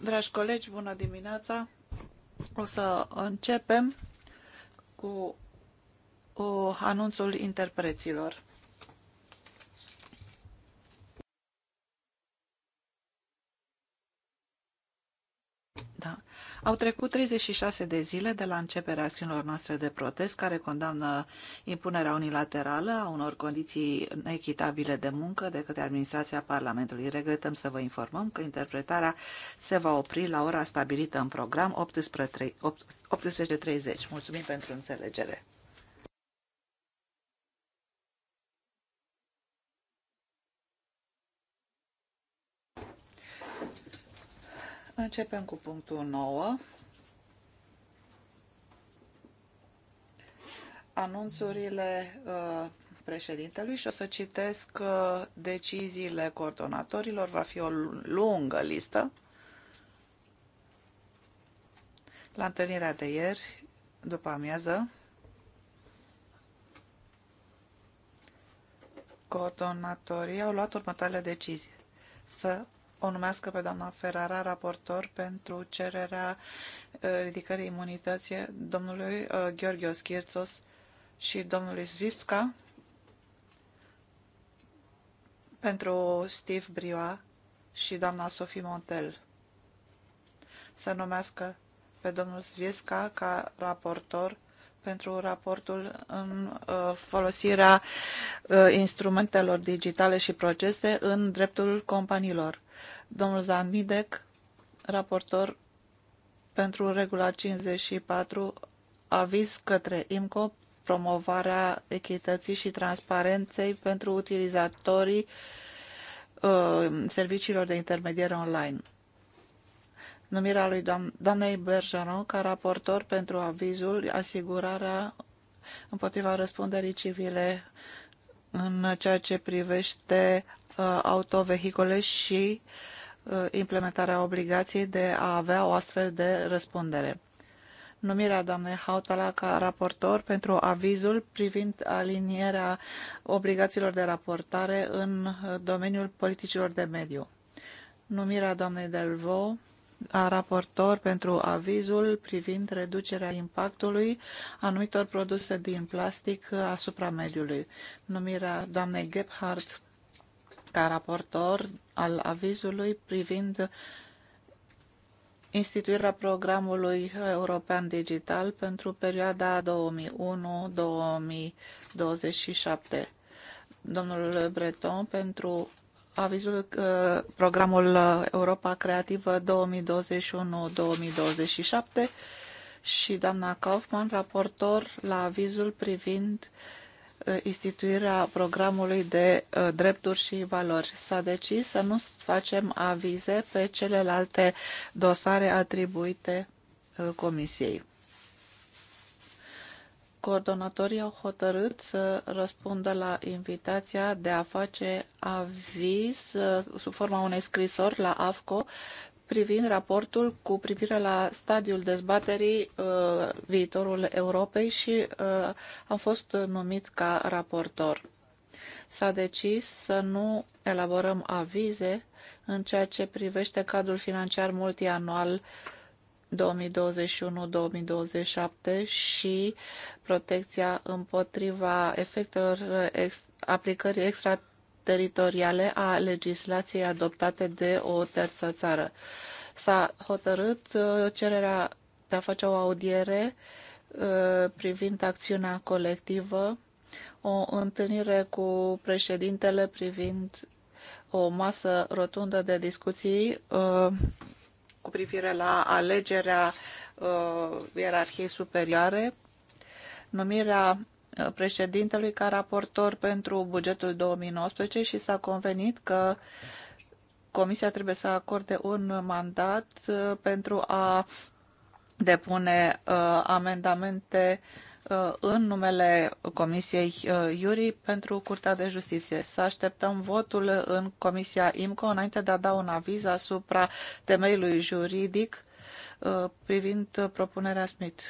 Dragi colegi, bună dimineața! O să începem cu uh, anunțul interpreților. Au trecut 36 de zile de la începerea acțiunilor noastre de protest care condamnă impunerea unilaterală a unor condiții echitabile de muncă de către administrația Parlamentului. Regretăm să vă informăm că interpretarea se va opri la ora stabilită în program 18.30. Mulțumim pentru înțelegere. Începem cu punctul 9. Anunțurile uh, președintelui și o să citesc uh, deciziile coordonatorilor. Va fi o lungă listă. La întâlnirea de ieri, după amiază, coordonatorii au luat următoarele decizii. Să o numească pe doamna Ferrara, raportor pentru cererea uh, ridicării imunității domnului uh, Gheorghe Oschirțos și domnului Zvivska pentru Steve Brioa și doamna Sophie Montel. Să numească pe domnul Zviesca ca raportor pentru raportul în uh, folosirea instrumentelor digitale și procese în dreptul companiilor. Domnul Midec, raportor pentru regula 54, aviz către IMCO promovarea echității și transparenței pentru utilizatorii uh, serviciilor de intermediere online. Numirea lui doam doamnei Bergeron ca raportor pentru avizul asigurarea împotriva răspunderii civile în ceea ce privește uh, autovehicole și uh, implementarea obligației de a avea o astfel de răspundere. Numirea doamnei Hautala ca raportor pentru avizul privind alinierea obligațiilor de raportare în uh, domeniul politicilor de mediu. Numirea doamnei Delvaux raportor pentru avizul privind reducerea impactului anumitor produse din plastic asupra mediului. Numirea doamnei Gebhardt ca raportor al avizului privind instituirea programului european digital pentru perioada 2001-2027. Domnul Breton pentru avizul uh, programul uh, Europa Creativă 2021-2027 și doamna Kaufmann, raportor la avizul privind uh, instituirea programului de drepturi și valori. S-a decis să nu facem avize pe celelalte dosare atribuite Comisiei coordonatorii au hotărât să răspundă la invitația de a face aviz uh, sub forma unei scrisori la AFCO privind raportul cu privire la stadiul dezbaterii uh, viitorul Europei și uh, am fost numit ca raportor. S-a decis să nu elaborăm avize în ceea ce privește cadrul financiar multianual uh, 2021-2027 și protecția împotriva efectelor ex aplicării extrateritoriale a legislației adoptate de o terță țară. S-a hotărât uh, cererea de a face o audiere uh, privind acțiunea colectivă, o întâlnire cu președintele privind o masă rotundă de discuții uh, cu privire la alegerea uh, ierarhiei superioare, numirea uh, președintelui ca raportor pentru bugetul 2019 și s-a convenit că Comisia trebuie să acorde un mandat uh, pentru a depune uh, amendamente uh, Uh, în numele Comisiei uh, Iuri pentru Curtea de Justiție. Să așteptăm votul în Comisia IMCO înainte de a da un aviz asupra temeiului juridic uh, privind propunerea Smith.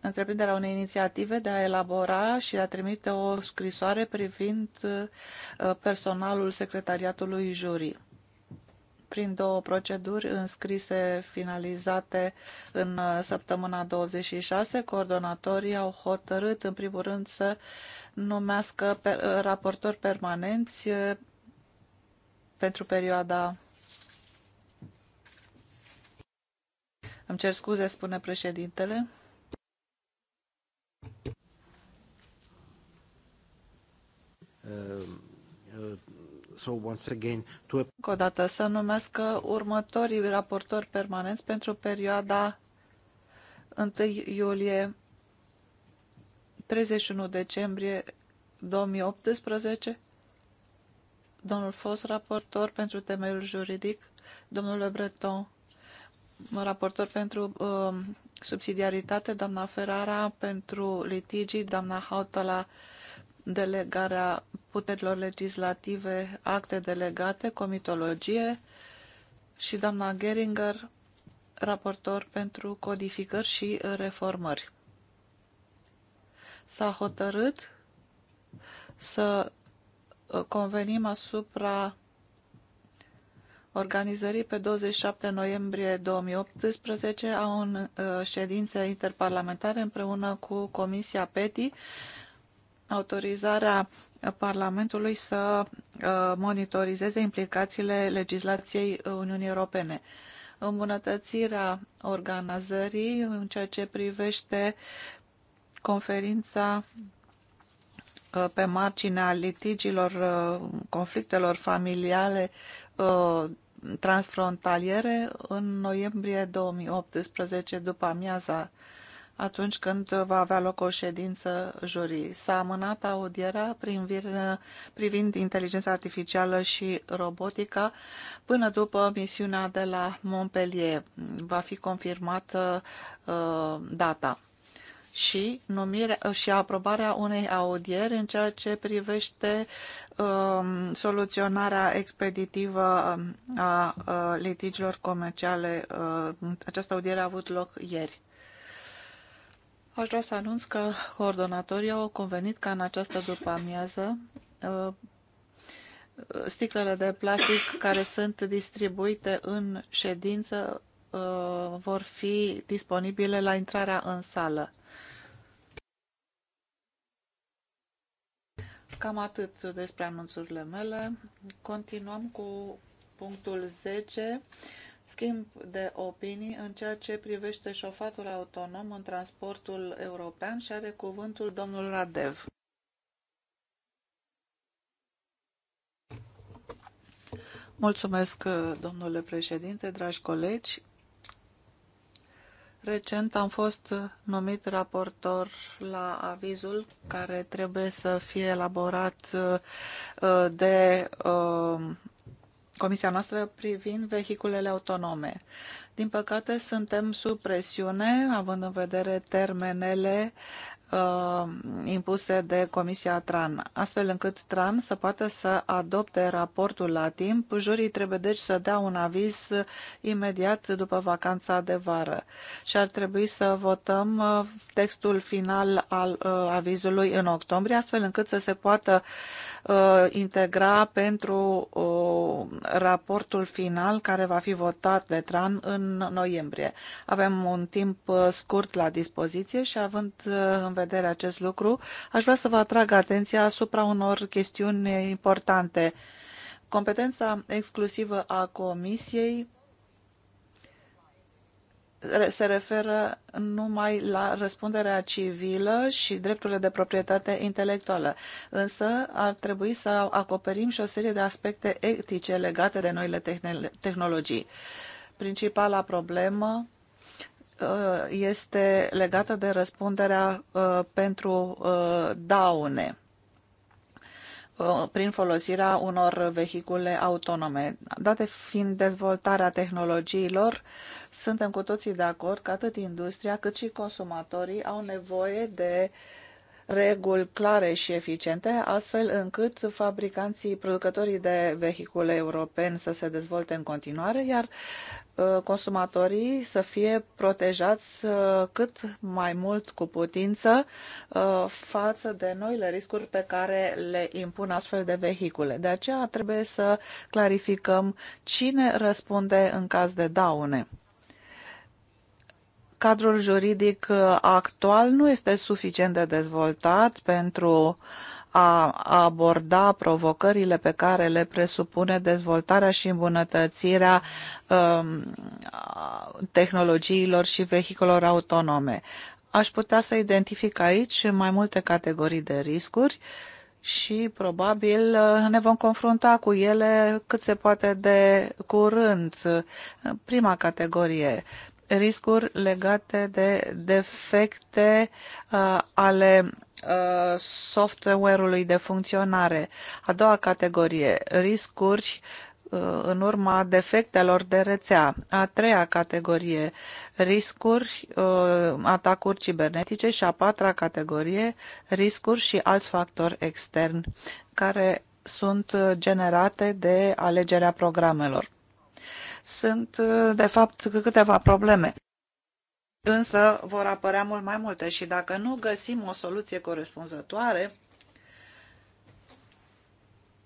Întreprinderea unei inițiative de a elabora și de a trimite o scrisoare privind personalul secretariatului jurii prin două proceduri înscrise finalizate în uh, săptămâna 26. Coordonatorii au hotărât, în primul rând, să numească uh, raportori permanenți uh, pentru perioada Îmi cer scuze, spune președintele. Uh, uh so once again to Încă o dată să numesc următorii raportori permanenți pentru perioada 1 iulie 31 decembrie 2018 domnul fost raportor pentru temeiul juridic, domnul Le Breton, raportor pentru uh, subsidiaritate, doamna Ferrara pentru litigii, doamna Hautala uh, delegarea puterilor legislative, acte delegate, comitologie și doamna Geringer, raportor pentru codificări și reformări. S-a hotărât să uh, convenim asupra organizării pe 27 noiembrie 2018 a un uh, ședințe interparlamentare împreună cu Comisia PETI autorizarea Parlamentului să uh, monitorizeze implicațiile legislației uh, Uniunii Europene. Îmbunătățirea organizării în ceea ce privește conferința uh, pe marginea litigilor, conflictelor familiale transfrontaliere în noiembrie 2018 după amiaza atunci când va avea loc o ședință jurii. S-a amânat audierea privind inteligența artificială și robotica până după misiunea de la Montpellier. Va fi confirmată uh, data și, numirea, și aprobarea unei audieri în ceea ce privește um, soluționarea expeditivă um, a uh, litigilor comerciale. Uh, această audiere a avut loc ieri. Aș vrea să anunț că coordonatorii au convenit ca în această după-amiază uh, sticlele de plastic care sunt distribuite în ședință uh, vor fi disponibile la intrarea în sală. Cam atât despre anunțurile mele. Continuăm cu punctul 10 schimb de opinii în ceea ce privește șofatul autonom în transportul european și are cuvântul domnul Radev. Mulțumesc, domnule președinte, dragi colegi. Recent am fost numit raportor la avizul care trebuie să fie elaborat uh, de uh, comisia noastră privind vehiculele autonome. Din păcate, suntem sub presiune, având în vedere termenele uh, impuse de Comisia TRAN, astfel încât TRAN să poată să adopte raportul la timp. Jurii trebuie deci să dea un aviz imediat după vacanța de vară și ar trebui să votăm uh, textul final al uh, avizului în octombrie, astfel încât să se poată uh, integra pentru uh, raportul final care va fi votat de TRAN în noiembrie. Avem un timp uh, scurt la dispoziție și având în vedere acest lucru, aș vrea să vă atrag atenția asupra unor chestiuni importante. Competența exclusivă a Comisiei se referă numai la răspunderea civilă și drepturile de proprietate intelectuală. Însă ar trebui să acoperim și o serie de aspecte etice legate de noile tehnologii. Principala problemă Uh, este legată de răspunderea uh, pentru uh, daune prin folosirea unor vehicule autonome. Date fiind dezvoltarea tehnologiilor, suntem cu toții de acord că atât industria cât și consumatorii au nevoie de uh, reguli clare și eficiente, astfel încât fabricanții, producătorii de vehicule europeni să se dezvolte în continuare, iar uh, consumatorii să fie protejați uh, cât mai mult cu putință uh, față de noile riscuri pe care le impun astfel de vehicule. De aceea trebuie să clarificăm cine răspunde în caz de daune cadrul juridic uh, actual nu este suficient de dezvoltat pentru a aborda provocările pe care le presupune dezvoltarea și îmbunătățirea um, tehnologiilor și vehiculor autonome. Aș putea să identific aici mai multe categorii de riscuri și probabil uh, ne vom confrunta cu ele cât se poate de curând. Prima categorie, riscuri legate de defecte uh, ale uh, software-ului de funcționare. A doua categorie, riscuri uh, în urma defectelor de rețea. A treia categorie, riscuri, uh, atacuri cibernetice și a patra categorie, riscuri și alți factori externi care sunt generate de alegerea programelor sunt, uh, de fapt, câteva probleme. Însă vor apărea mult mai multe și dacă nu găsim o soluție corespunzătoare,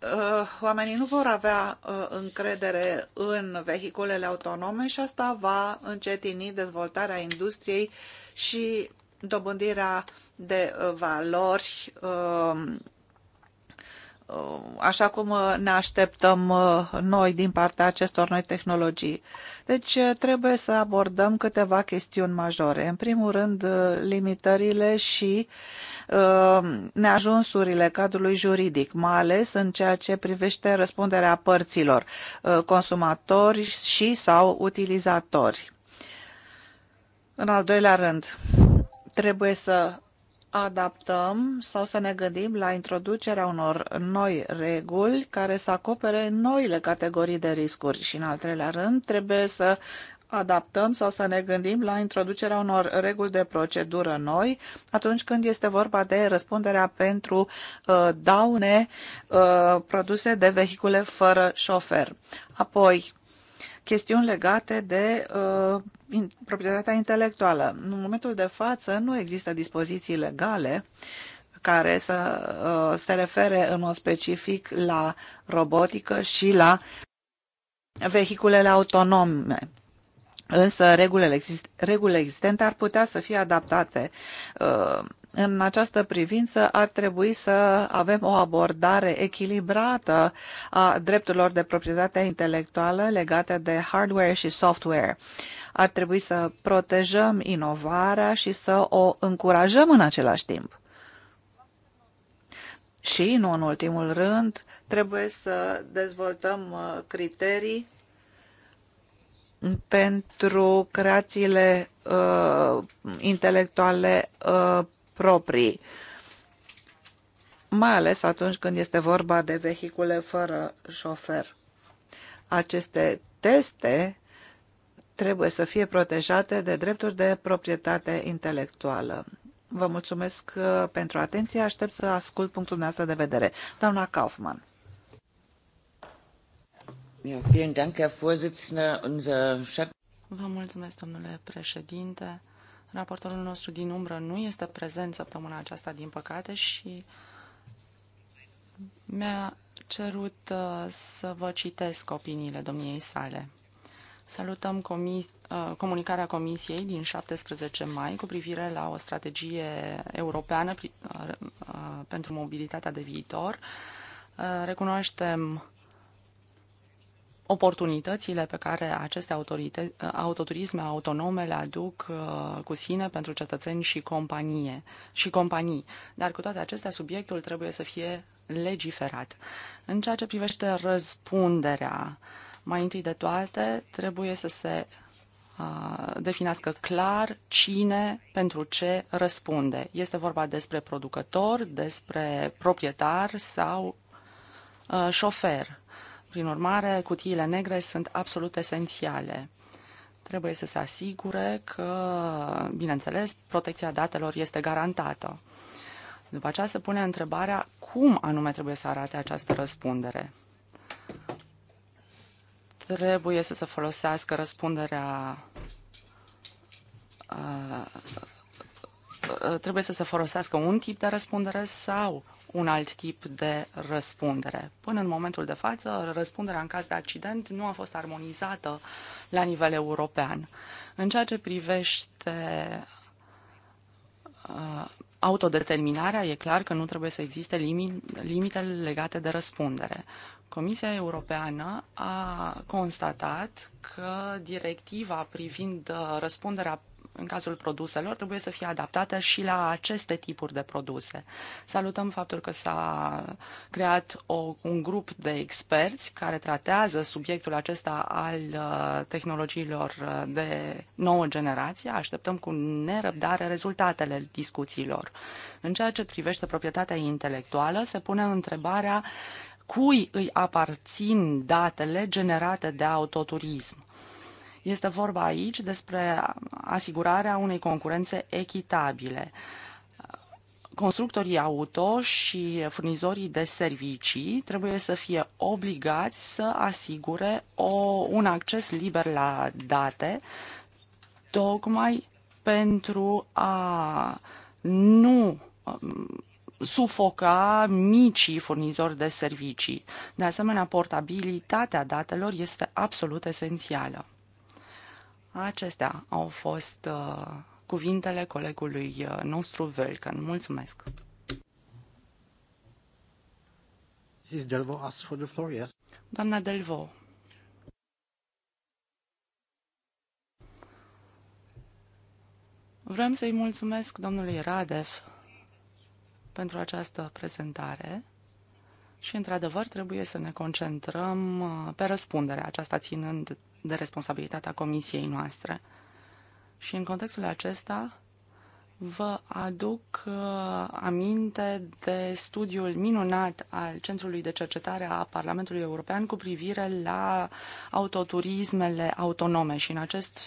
uh, oamenii nu vor avea uh, încredere în vehiculele autonome și asta va încetini dezvoltarea industriei și dobândirea de valori Uh, așa cum uh, ne așteptăm uh, noi din partea acestor noi tehnologii. Deci trebuie să abordăm câteva chestiuni majore. În primul rând, limitările și neajunsurile cadrului juridic, mai ales în ceea ce privește răspunderea părților, consumatori și sau utilizatori. În al doilea rând, trebuie să adaptăm sau să ne gândim la introducerea unor noi reguli care să acopere noile categorii de riscuri și, în al treilea rând, trebuie să adaptăm sau să ne gândim la introducerea unor reguli de procedură noi atunci când este vorba de răspunderea pentru uh, daune uh, produse de vehicule fără șofer. Apoi, chestiuni legate de uh, in, proprietatea intelectuală. În momentul de față nu există dispoziții legale care să uh, se refere în mod specific la robotică și la vehiculele autonome. Însă regulile, exist regulile existente ar putea să fie adaptate uh, în această privință ar trebui să avem o abordare echilibrată a drepturilor de proprietate intelectuală legate de hardware și software. Ar trebui să protejăm inovarea și să o încurajăm în același timp. Și, nu în ultimul rând, trebuie să dezvoltăm uh, criterii pentru creațiile uh, intelectuale uh, proprii, mai ales atunci când este vorba de vehicule fără șofer. Aceste teste trebuie să fie protejate de drepturi de proprietate intelectuală. Vă mulțumesc uh, pentru atenție, aștept să ascult punctul dumneavoastră de vedere. Doamna Kaufmann. Vă mulțumesc, domnule președinte. Raportorul nostru din umbră nu este prezent săptămâna aceasta, din păcate, și mi-a cerut uh, să vă citesc opiniile domniei sale. Salutăm comis uh, comunicarea Comisiei din 17 mai cu privire la o strategie europeană uh, pentru mobilitatea de viitor. Recunoaștem oportunitățile pe care aceste autoturisme autonome le aduc uh, cu sine pentru cetățeni și, companie, și companii. Dar cu toate acestea, subiectul trebuie să fie legiferat. În ceea ce privește răspunderea, mai întâi de toate, trebuie să se uh, definească clar cine pentru ce răspunde. Este vorba despre producător, despre proprietar sau uh, șofer prin urmare, cutiile negre sunt absolut esențiale. Trebuie să se asigure că, bineînțeles, protecția datelor este garantată. După aceea se pune întrebarea cum anume trebuie să arate această răspundere. Trebuie să se folosească răspunderea uh, Uh, trebuie să se folosească un tip de răspundere sau un alt tip de răspundere. Până în momentul de față, răspunderea în caz de accident nu a fost armonizată la nivel european. În ceea ce privește uh, autodeterminarea, e clar că nu trebuie să existe limite legate de răspundere. Comisia Europeană a constatat că directiva privind uh, răspunderea în cazul produselor trebuie să fie adaptată și la aceste tipuri de produse. Salutăm faptul că s-a creat o, un grup de experți care tratează subiectul acesta al uh, tehnologiilor uh, de nouă generație. Așteptăm cu nerăbdare rezultatele discuțiilor. În ceea ce privește proprietatea intelectuală, se pune întrebarea cui îi aparțin datele generate de autoturism este vorba aici despre asigurarea unei concurențe echitabile. Constructorii auto și furnizorii de servicii trebuie să fie obligați să asigure o, un acces liber la date, tocmai pentru a nu um, sufoca micii furnizori de servicii. De asemenea, portabilitatea datelor este absolut esențială. Acestea au fost uh, cuvintele colegului uh, nostru Velcan. Mulțumesc! Mrs. Delvo asks for the floor, yes. Doamna Delvo. Vrem să-i mulțumesc domnului Radev pentru această prezentare și, într-adevăr, trebuie să ne concentrăm uh, pe răspunderea aceasta, ținând de responsabilitatea comisiei noastre. Și în contextul acesta vă aduc uh, aminte de studiul minunat al Centrului de Cercetare a Parlamentului European cu privire la autoturismele autonome și în acest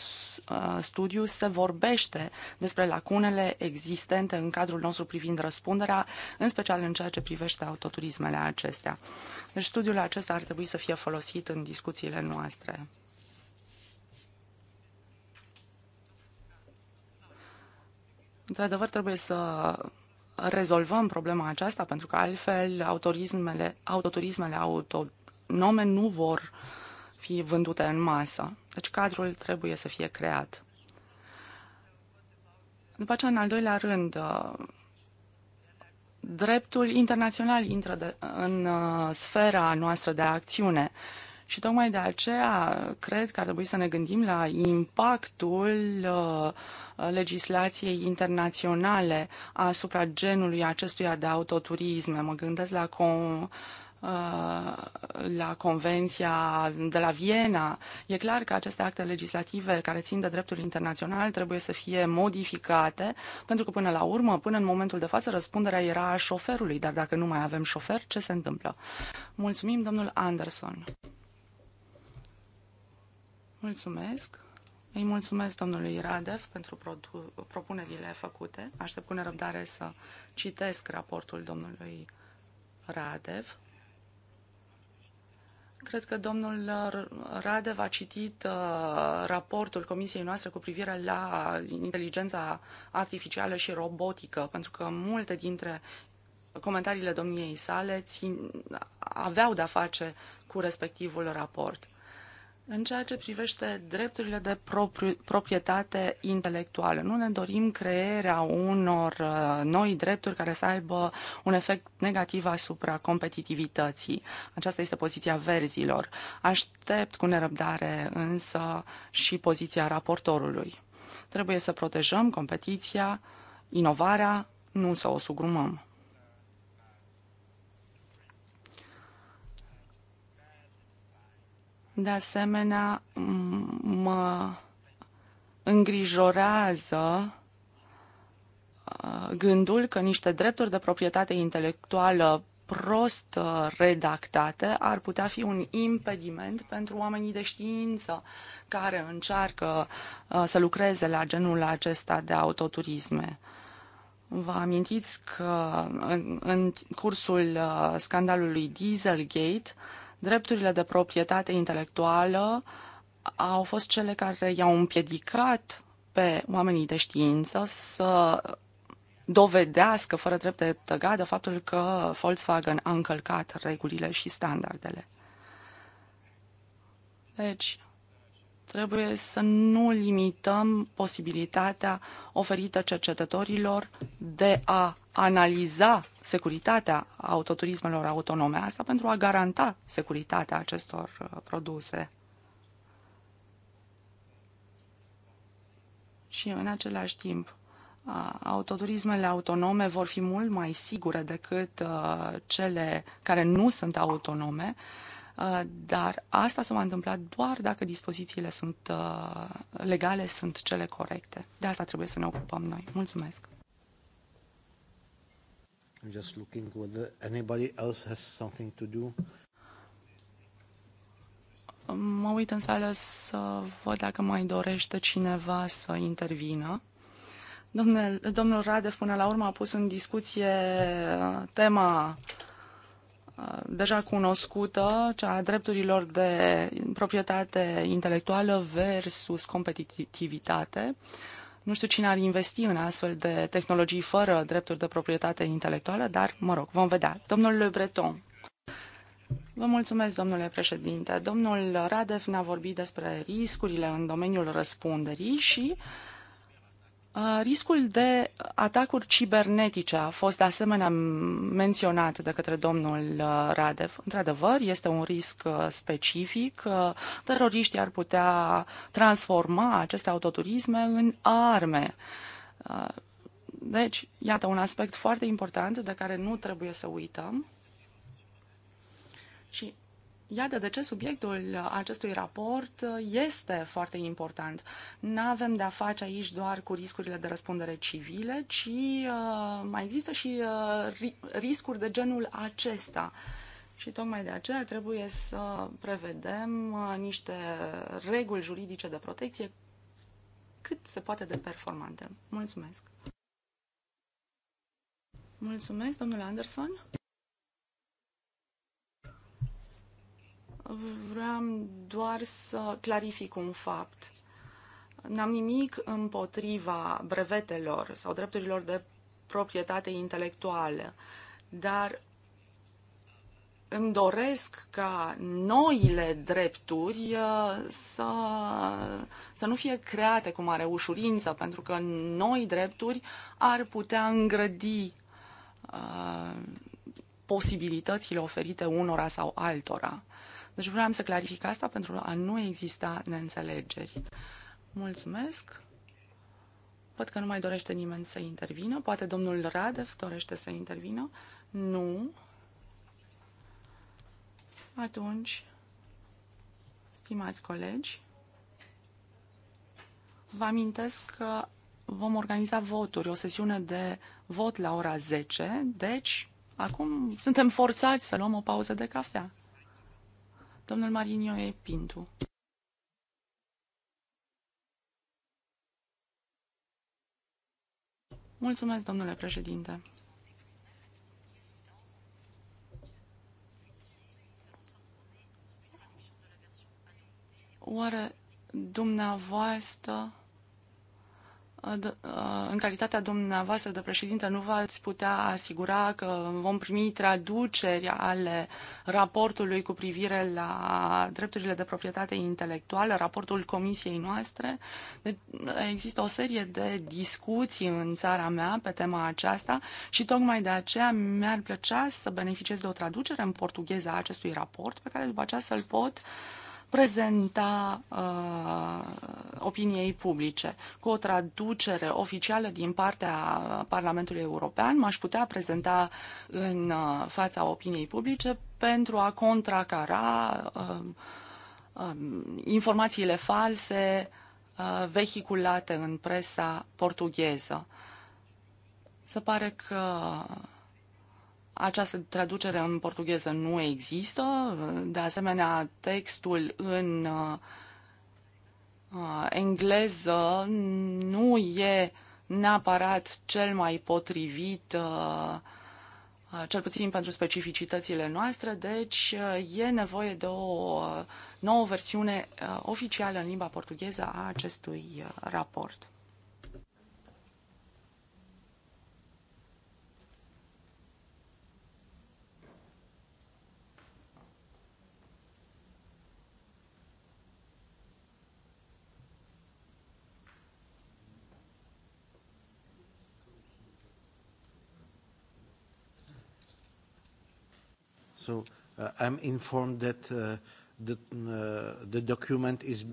uh, studiu se vorbește despre lacunele existente în cadrul nostru privind răspunderea, în special în ceea ce privește autoturismele acestea. Deci studiul acesta ar trebui să fie folosit în discuțiile noastre. Într-adevăr, trebuie să rezolvăm problema aceasta, pentru că altfel autorismele, autoturismele autonome nu vor fi vândute în masă. Deci cadrul trebuie să fie creat. După aceea, în al doilea rând, dreptul internațional intră de, în uh, sfera noastră de acțiune. Și tocmai de aceea cred că ar trebui să ne gândim la impactul uh, legislației internaționale asupra genului acestuia de autoturisme. Mă gândesc la cum uh, la Convenția de la Viena. E clar că aceste acte legislative care țin de dreptul internațional trebuie să fie modificate, pentru că până la urmă, până în momentul de față, răspunderea era a șoferului, dar dacă nu mai avem șofer, ce se întâmplă? Mulțumim, domnul Anderson. Mulțumesc. Îi mulțumesc domnului Radev pentru propunerile făcute. Aștept cu nerăbdare să citesc raportul domnului Radev. Cred că domnul Radev a citit uh, raportul comisiei noastre cu privire la inteligența artificială și robotică, pentru că multe dintre comentariile domniei sale țin, aveau de-a face cu respectivul raport. În ceea ce privește drepturile de proprietate intelectuală, nu ne dorim crearea unor uh, noi drepturi care să aibă un efect negativ asupra competitivității. Aceasta este poziția verzilor. Aștept cu nerăbdare însă și poziția raportorului. Trebuie să protejăm competiția, inovarea, nu să o sugrumăm. De asemenea, mă îngrijorează uh, gândul că niște drepturi de proprietate intelectuală prost uh, redactate ar putea fi un impediment pentru oamenii de știință care încearcă uh, să lucreze la genul acesta de autoturisme. Vă amintiți că în, în cursul scandalului Dieselgate, Drepturile de proprietate intelectuală au fost cele care i-au împiedicat pe oamenii de știință să dovedească fără drept de tăgadă faptul că Volkswagen a încălcat regulile și standardele. Deci, Trebuie să nu limităm posibilitatea oferită cercetătorilor de a analiza securitatea autoturismelor autonome, asta pentru a garanta securitatea acestor uh, produse. Și în același timp, uh, autoturismele autonome vor fi mult mai sigure decât uh, cele care nu sunt autonome, uh, Uh, dar asta se va întâmpla doar dacă dispozițiile sunt uh, legale, sunt cele corecte. De asta trebuie să ne ocupăm noi. Mulțumesc! I'm just looking whether anybody else has something to do. Mă uit în sală să văd dacă mai dorește cineva să intervină. Domnul, domnul Radev până la urmă a pus în discuție uh, tema Uh, deja cunoscută, cea a drepturilor de proprietate intelectuală versus competitivitate. Nu știu cine ar investi în astfel de tehnologii fără drepturi de proprietate intelectuală, dar, mă rog, vom vedea. Domnul Le Breton. Vă mulțumesc, domnule președinte. Domnul Radev ne-a vorbit despre riscurile în domeniul răspunderii și uh, Uh, riscul de atacuri cibernetice a fost de asemenea menționat de către domnul uh, Radev. Într-adevăr, este un risc uh, specific. Teroriștii ar putea transforma aceste autoturisme în arme. Deci, iată un aspect foarte important de care nu trebuie să uităm. Și Iată de ce subiectul acestui raport este foarte important. Nu avem de-a face aici doar cu riscurile de răspundere civile, ci uh, mai există și uh, riscuri de genul acesta. Și tocmai de aceea trebuie să prevedem uh, niște reguli juridice de protecție cât se poate de performante. Mulțumesc! Mulțumesc, domnule Anderson! Vreau doar să clarific un fapt. N-am nimic împotriva brevetelor sau drepturilor de proprietate intelectuală, dar îmi doresc ca noile drepturi uh, să, să nu fie create cu mare ușurință, pentru că noi drepturi ar putea îngrădi uh, posibilitățile oferite unora sau altora. Deci vreau să clarific asta pentru a nu exista neînțelegeri. Mulțumesc. Văd că nu mai dorește nimeni să intervină. Poate domnul Radev dorește să intervină. Nu. Atunci, stimați colegi, vă amintesc că vom organiza voturi, o sesiune de vot la ora 10, deci acum suntem forțați să luăm o pauză de cafea. Domnul Marinio e Pintu. Mulțumesc, domnule președinte. Oare dumneavoastră Uh, în calitatea dumneavoastră de președinte, nu v-ați putea asigura că vom primi traduceri ale raportului cu privire la drepturile de proprietate intelectuală, raportul comisiei noastre. Deci, există o serie de discuții în țara mea pe tema aceasta și tocmai de aceea mi-ar plăcea să beneficiez de o traducere în portugheză a acestui raport, pe care după aceea să-l pot uh, prezenta uh, opiniei publice. Cu o traducere oficială din partea Parlamentului European m-aș putea prezenta în uh, fața opiniei publice pentru a contracara uh, uh, informațiile false uh, vehiculate în presa portugheză. Se pare că această traducere în portugheză nu există. De asemenea, textul în uh, uh, engleză nu e neapărat cel mai potrivit, uh, cel puțin pentru specificitățile noastre, deci e nevoie de o nouă versiune oficială în limba portugheză a acestui raport. So uh, I'm informed that uh, the, uh, the document is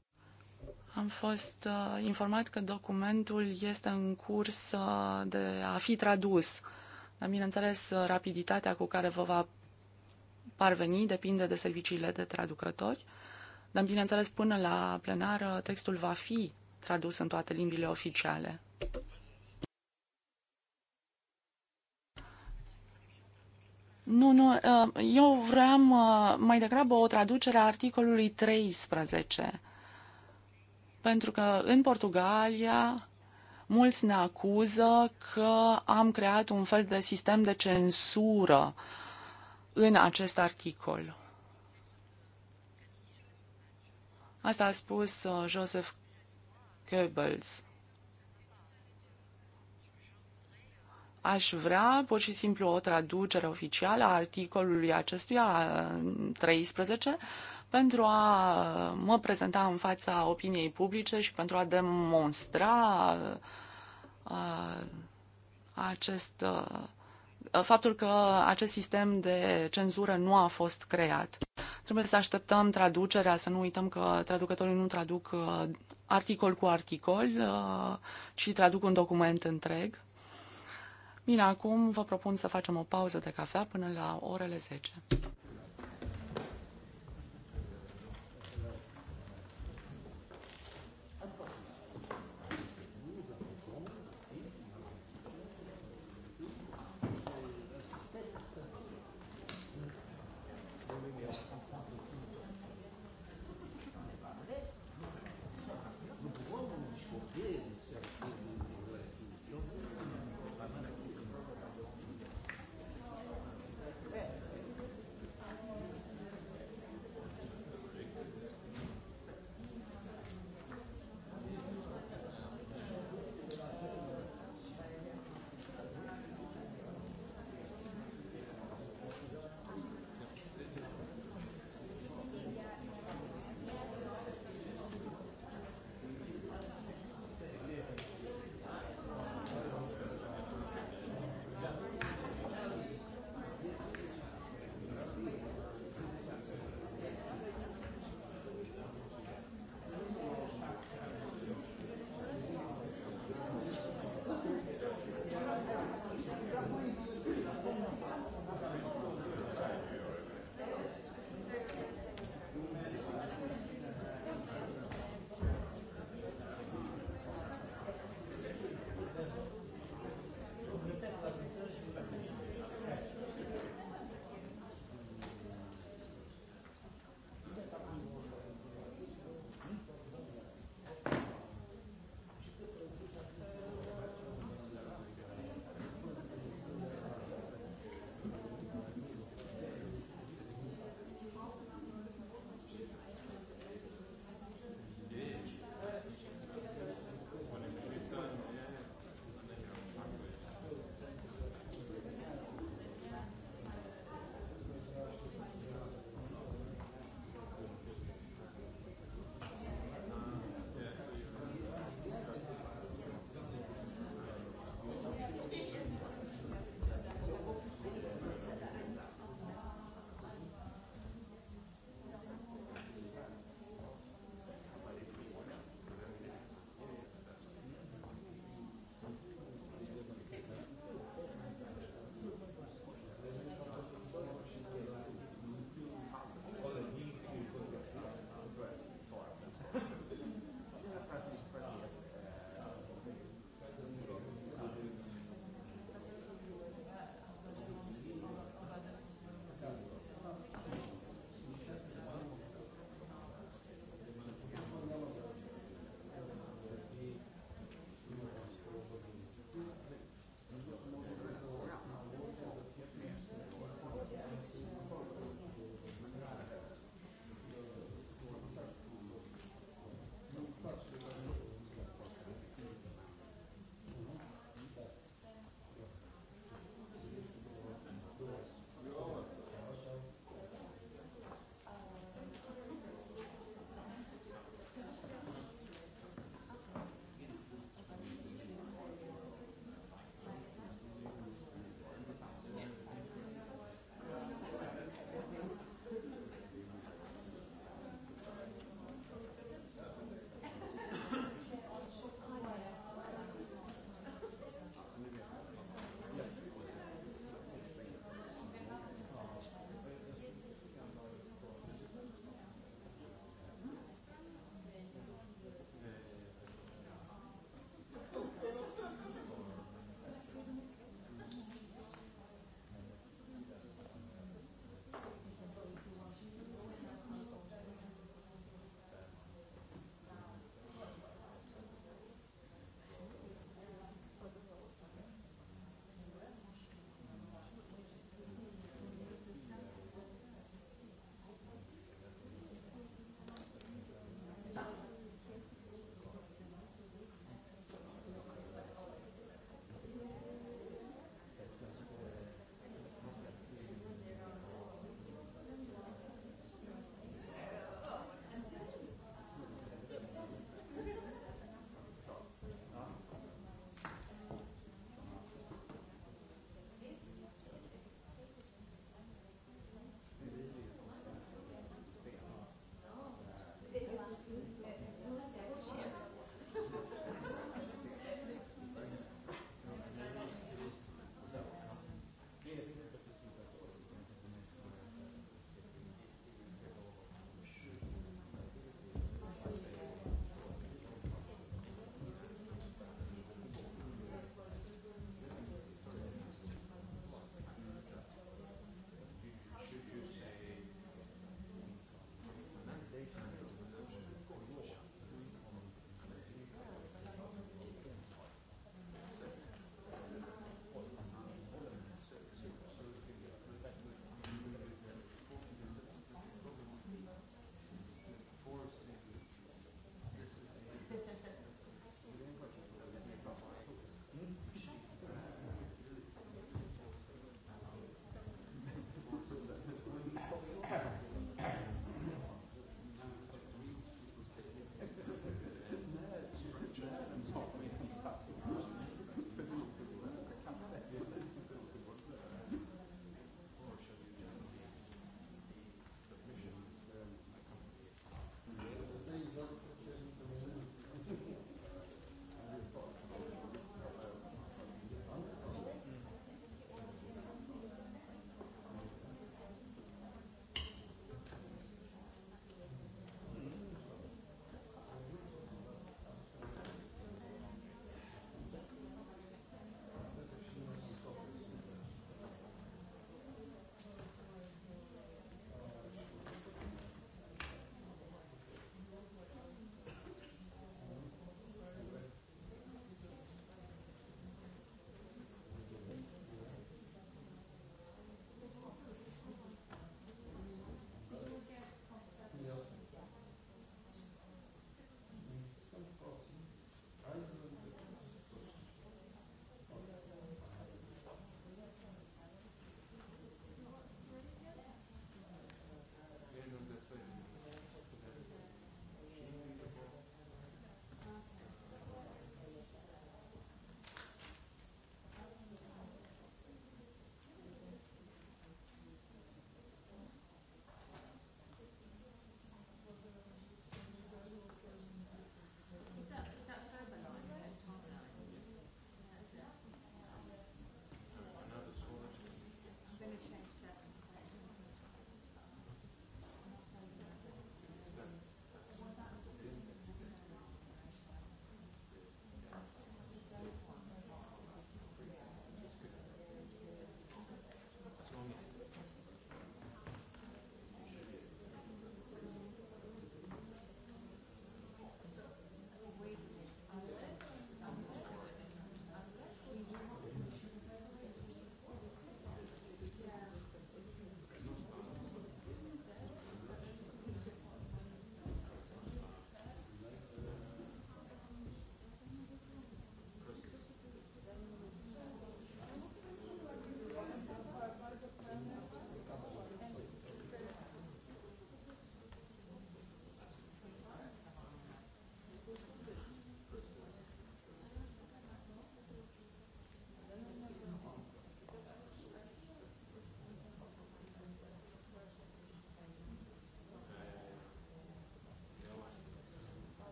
am fost uh, informat că documentul este în curs uh, de a fi tradus. Dar, bineînțeles, uh, rapiditatea cu care vă va parveni depinde de serviciile de traducători. Dar, bineînțeles, până la plenară, textul va fi tradus în toate limbile oficiale. Nu, nu, uh, eu vreau uh, mai degrabă o traducere a articolului 13. Pentru că în Portugalia mulți ne acuză că am creat un fel de sistem de censură în acest articol. Asta a spus uh, Joseph Goebbels. Aș vrea pur și simplu o traducere oficială a articolului acestuia 13 pentru a mă prezenta în fața opiniei publice și pentru a demonstra acest faptul că acest sistem de cenzură nu a fost creat. Trebuie să așteptăm traducerea, să nu uităm că traducătorii nu traduc articol cu articol, ci traduc un document întreg. Bine, acum vă propun să facem o pauză de cafea până la orele 10.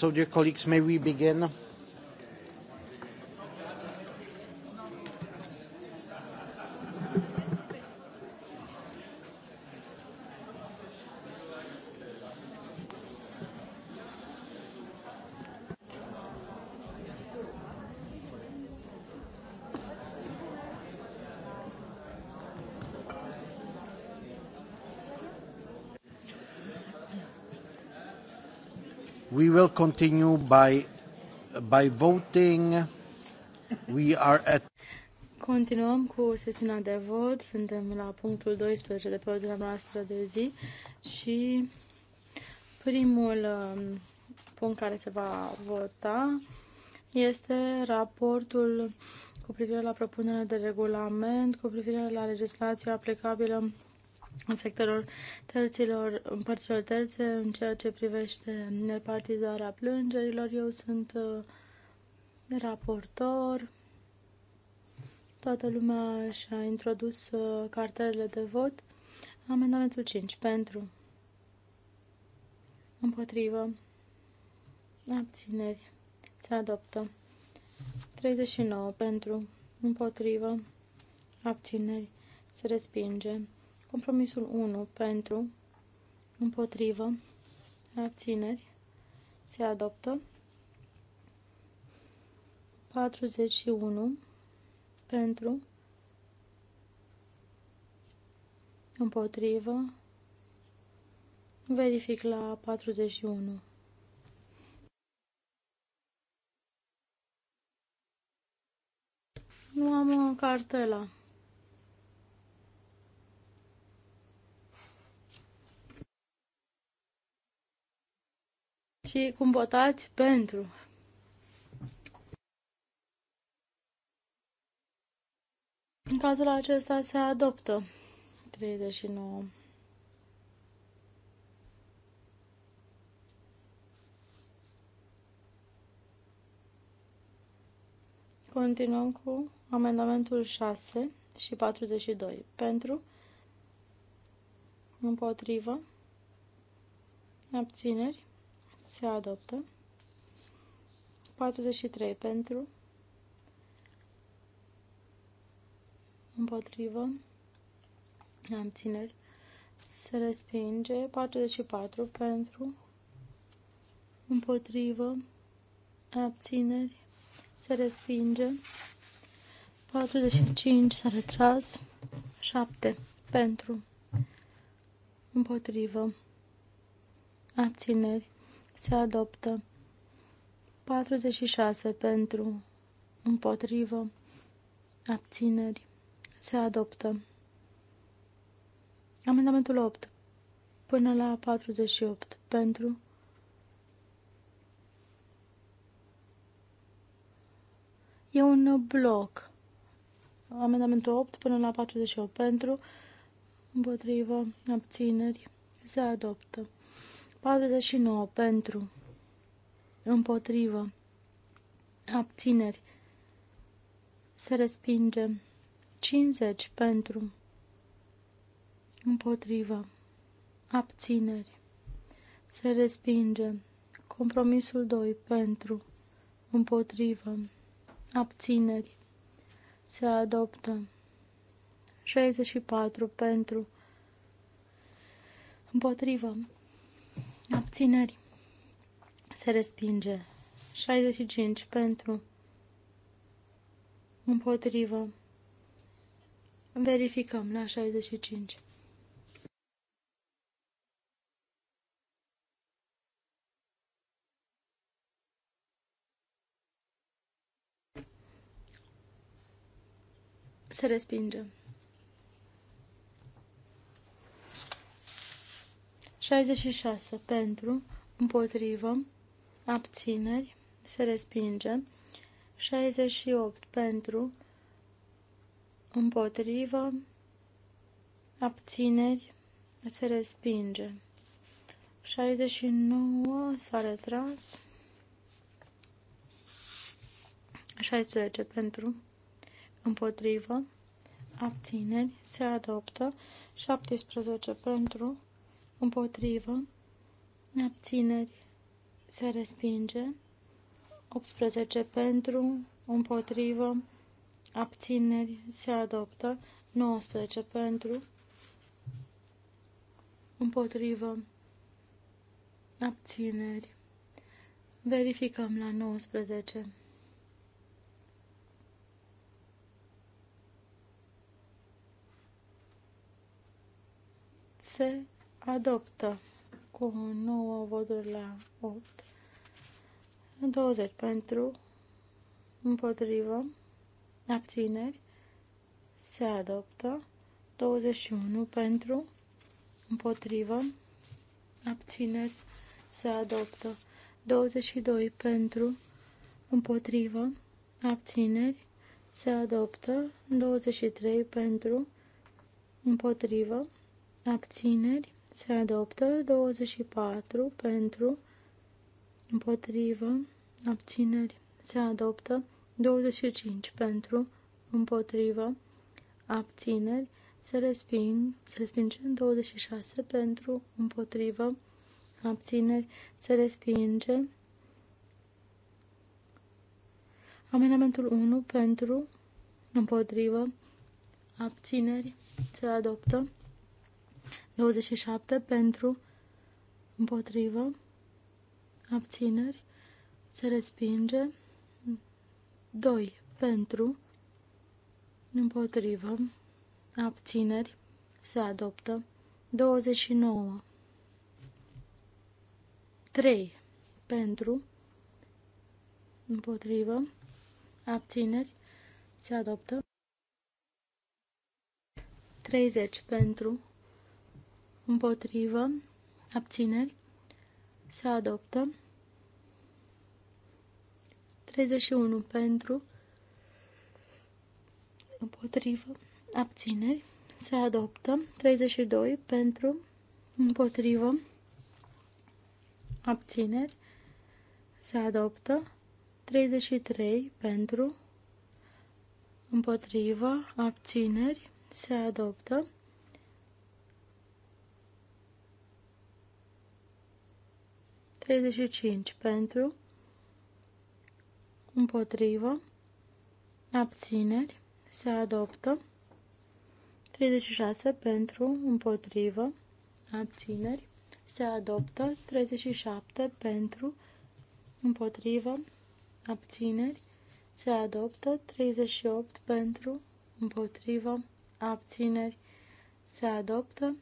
So, dear colleagues, may we begin? will continue by, by voting. We are at... Continuăm cu sesiunea de vot. Suntem la punctul 12 de pe ordinea noastră de zi și primul um, punct care se va vota este raportul cu privire la propunerea de regulament, cu privire la legislația aplicabilă efectelor terților, părților terțe în ceea ce privește nepartizarea plângerilor. Eu sunt uh, raportor. Toată lumea și-a introdus uh, cartelele de vot. Amendamentul 5. Pentru. Împotrivă. Abțineri. Se adoptă. 39. Pentru. Împotrivă. Abțineri. Se respinge. Compromisul 1 pentru, împotrivă, abțineri, se adoptă. 41 pentru, împotrivă, verific la 41. Nu am cartela. și cum votați pentru. În cazul acesta se adoptă 39. Continuăm cu amendamentul 6 și 42. Pentru, împotrivă, abțineri, se adoptă. 43 pentru, împotrivă, Am țineri. se respinge. 44 pentru, împotrivă, abțineri, se respinge. 45 s-a retras, 7 pentru, împotrivă, abțineri, se adoptă. 46 pentru, împotrivă, abțineri, se adoptă. Amendamentul 8 până la 48 pentru, E un bloc. Amendamentul 8 până la 48 pentru, împotrivă, abțineri, se adoptă. 49 pentru, împotrivă, abțineri, se respinge, 50 pentru, împotrivă, abțineri, se respinge, compromisul 2 pentru, împotrivă, abțineri, se adoptă, 64 pentru, împotrivă, Abțineri. Se respinge. 65 pentru. Împotrivă. Verificăm la 65. Se respinge. 66 pentru, împotrivă, abțineri, se respinge. 68 pentru, împotrivă, abțineri, se respinge. 69 s-a retras. 16 pentru, împotrivă, abțineri, se adoptă. 17 pentru, împotrivă, abțineri, se respinge, 18 pentru, împotrivă, abțineri, se adoptă, 19 pentru, împotrivă, abțineri. Verificăm la 19. Se adoptă cu 9 voturi la 8, 20 pentru, împotrivă, abțineri, se adoptă, 21 pentru, împotrivă, abțineri, se adoptă, 22 pentru, împotrivă, abțineri, se adoptă, 23 pentru, împotrivă, abțineri, se adoptă, 24 pentru, împotrivă, abțineri, se adoptă, 25 pentru, împotrivă, abțineri, se resping, se respinge, 26 pentru, împotrivă, abțineri, se respinge, Amendamentul 1 pentru, împotrivă, abțineri, se adoptă. 27 pentru, împotrivă, abțineri, se respinge. 2 pentru, împotrivă, abțineri, se adoptă. 29 3 pentru, împotrivă, abțineri, se adoptă. 30 pentru, împotrivă, abțineri, se adoptă. 31 pentru, împotrivă, abțineri, se adoptă. 32 pentru, împotrivă, abțineri, se adoptă. 33 pentru, împotrivă, abțineri, se adoptă. 35 pentru, împotrivă, abțineri, se adoptă. 36 pentru, împotrivă, abțineri, se adoptă. 37 pentru, împotrivă, abțineri, se adoptă. 38 pentru, împotrivă, abțineri, se adoptă.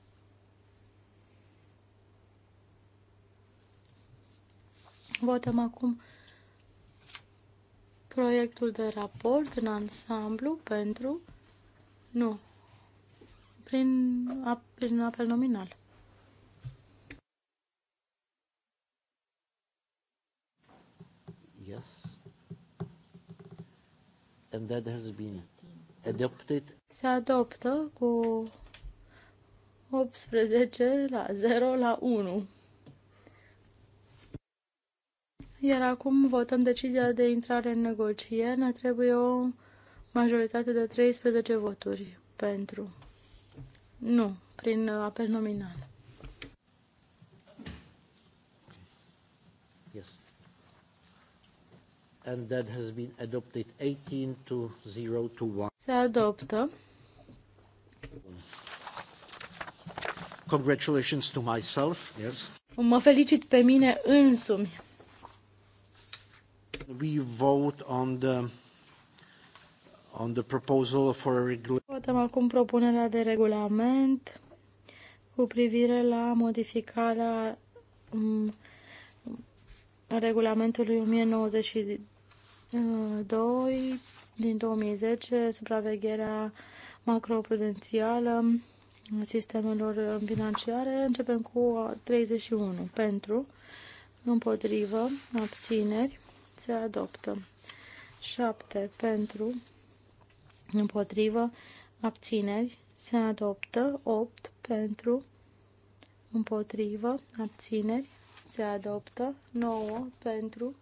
Votăm acum proiectul de raport în ansamblu pentru... Nu. Prin, prin apel nominal. Yes. And that has been adopted. Se adoptă cu 18 la 0 la 1. Iar acum votăm decizia de intrare în negocieri. Ne trebuie o majoritate de 13 voturi pentru. Nu, prin apel nominal. Yes. And that has been adopted 18 to 0 to 1. Se adoptă. Congratulations to myself. Yes. Mă felicit pe mine însumi. We vote on the on the proposal for a regulation. Votăm acum propunerea de regulament cu privire la modificarea mm, regulamentului 1092 din 2010, supravegherea macroprudențială sistemelor financiare. Începem cu 31 pentru, împotrivă, abțineri, se adoptă. 7 pentru, împotrivă, abțineri, se adoptă. 8 pentru, împotrivă, abțineri, se adoptă. 9 pentru,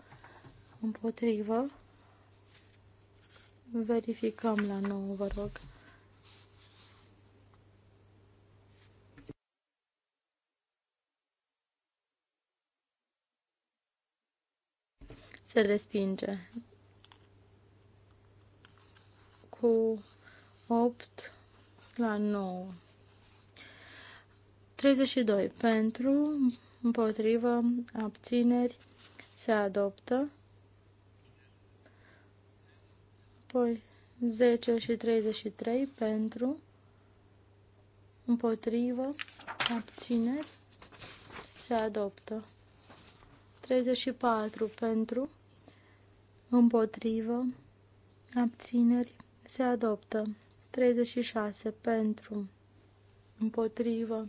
împotrivă, verificăm la 9, vă rog. se respinge. Cu 8 la 9. 32. Pentru, împotrivă, abțineri, se adoptă. Apoi 10 și 33 pentru, împotrivă, abțineri, se adoptă. 34 pentru, împotrivă, abțineri, se adoptă. 36 pentru, împotrivă,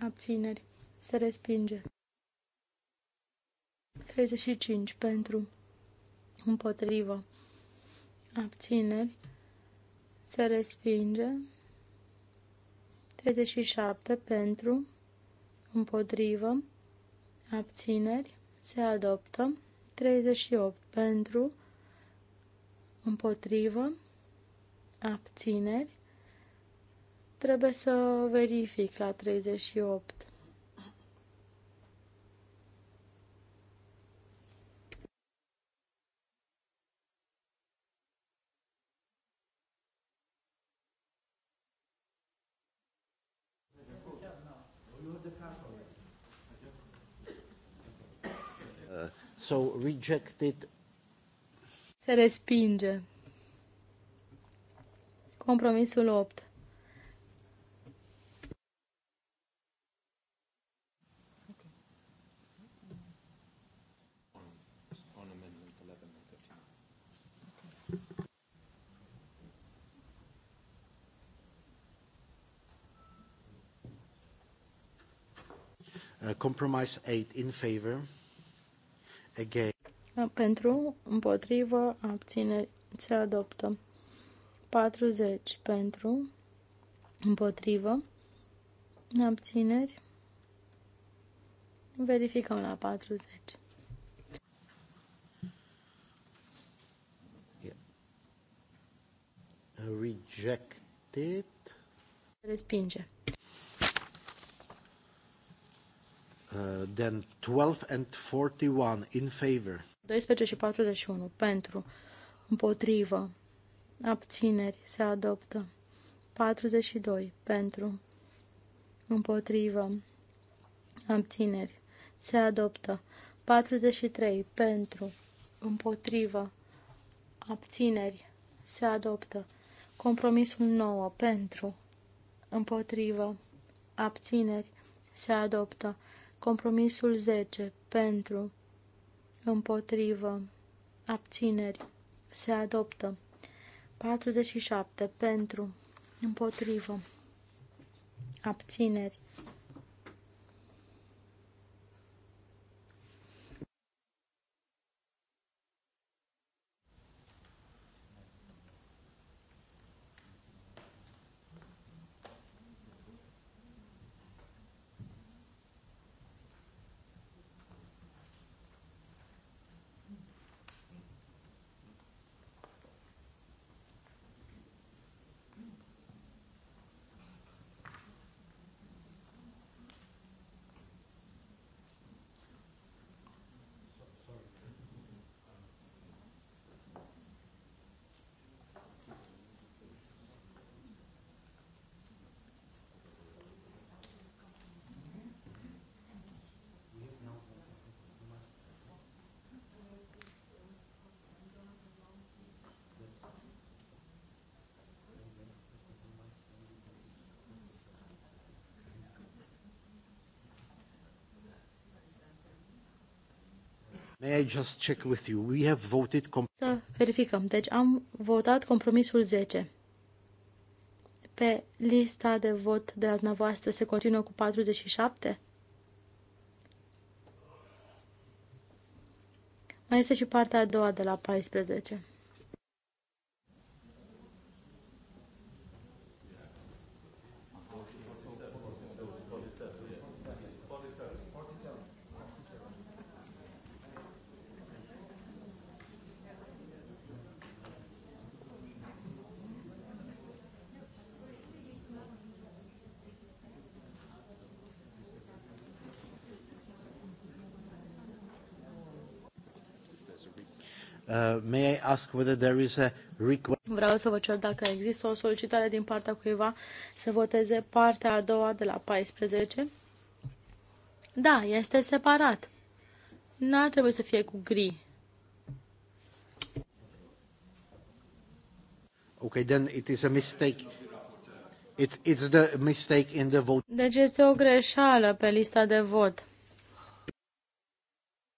abțineri, se respinge. 35 pentru, împotrivă, abțineri, se respinge. 37 pentru, împotrivă, abțineri, se adoptă. 38 pentru, împotrivă, abțineri. Trebuie să verific la 38. So rejected. Se respinge. Compromisul 8. Uh, compromise 8 in favor again. Pentru, împotrivă, abțineri, se adoptă. 40 pentru, împotrivă, abțineri. Verificăm la 40. Yeah. Rejected. Respinge. Uh, then 12 and 41 in favor. 12 și 41 pentru, împotrivă, abțineri se adoptă. 42 pentru, împotrivă, abțineri se adoptă. 43 pentru, împotrivă, abțineri se adoptă. Compromisul 9 pentru, împotrivă, abțineri se adoptă. Compromisul 10. Pentru. Împotrivă. Abțineri. Se adoptă. 47. Pentru. Împotrivă. Abțineri. May I just check with you? We have voted Să verificăm. Deci am votat compromisul 10. Pe lista de vot de la dumneavoastră se continuă cu 47? Mai este și partea a doua de la 14. Uh, may I ask whether there is a request? Vreau să vă cer dacă există o solicitare din partea cuiva să voteze partea a doua de la 14. Da, este separat. Nu ar trebui să fie cu gri. Okay, then it is a mistake. It, it's the mistake in the vote. Deci este o greșeală pe lista de vot.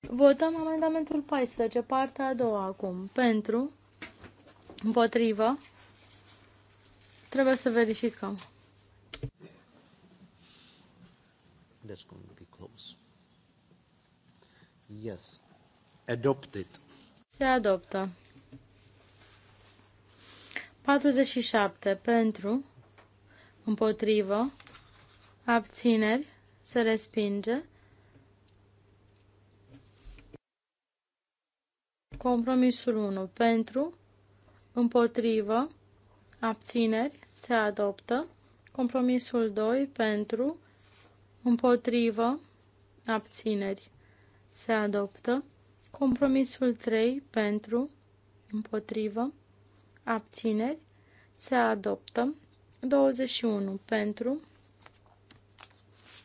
Votăm amendamentul 14, partea a doua acum. Pentru, împotrivă, trebuie să verificăm. That's going to be close. Yes. Adopted. Se adoptă. 47 pentru, împotrivă, abțineri, se respinge. Compromisul 1 pentru, împotrivă, abțineri, se adoptă. Compromisul 2 pentru, împotrivă, abțineri, se adoptă. Compromisul 3 pentru, împotrivă, abțineri, se adoptă. 21 pentru,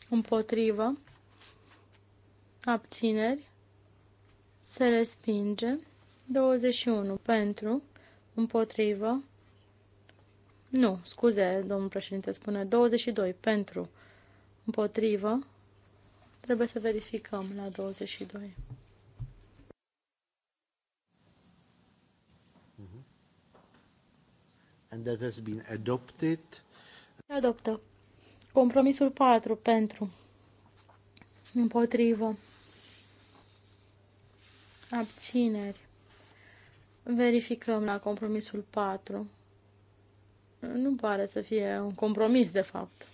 împotrivă, abțineri, se respinge. 21 pentru, împotrivă, nu, scuze, domnul președinte spune, 22 pentru, împotrivă, trebuie să verificăm la 22. Mm-hmm. And that has been adopted. Adoptă. Compromisul 4 pentru, împotrivă, abțineri. Verificăm la compromisul 4. Nu pare să fie un compromis, de fapt.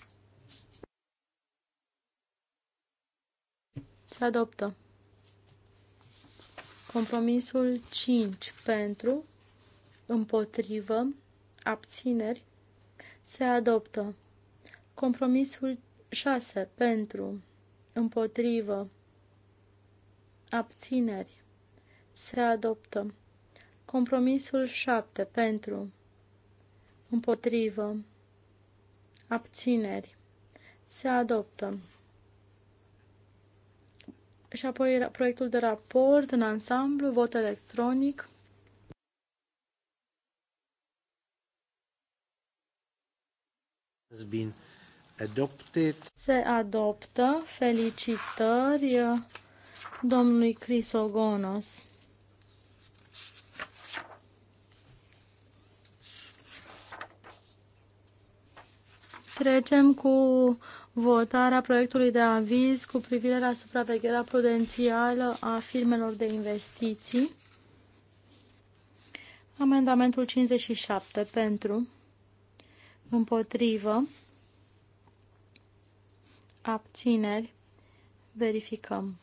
Se adoptă. Compromisul 5 pentru, împotrivă, abțineri, se adoptă. Compromisul 6 pentru, împotrivă, abțineri, se adoptă. Compromisul 7 pentru, împotrivă, abțineri, se adoptă. Și apoi proiectul de raport în ansamblu, vot electronic. Se adoptă. Felicitări domnului Crisogonos. Trecem cu votarea proiectului de aviz cu privire la supravegherea prudențială a firmelor de investiții. Amendamentul 57 pentru, împotrivă, abțineri, verificăm.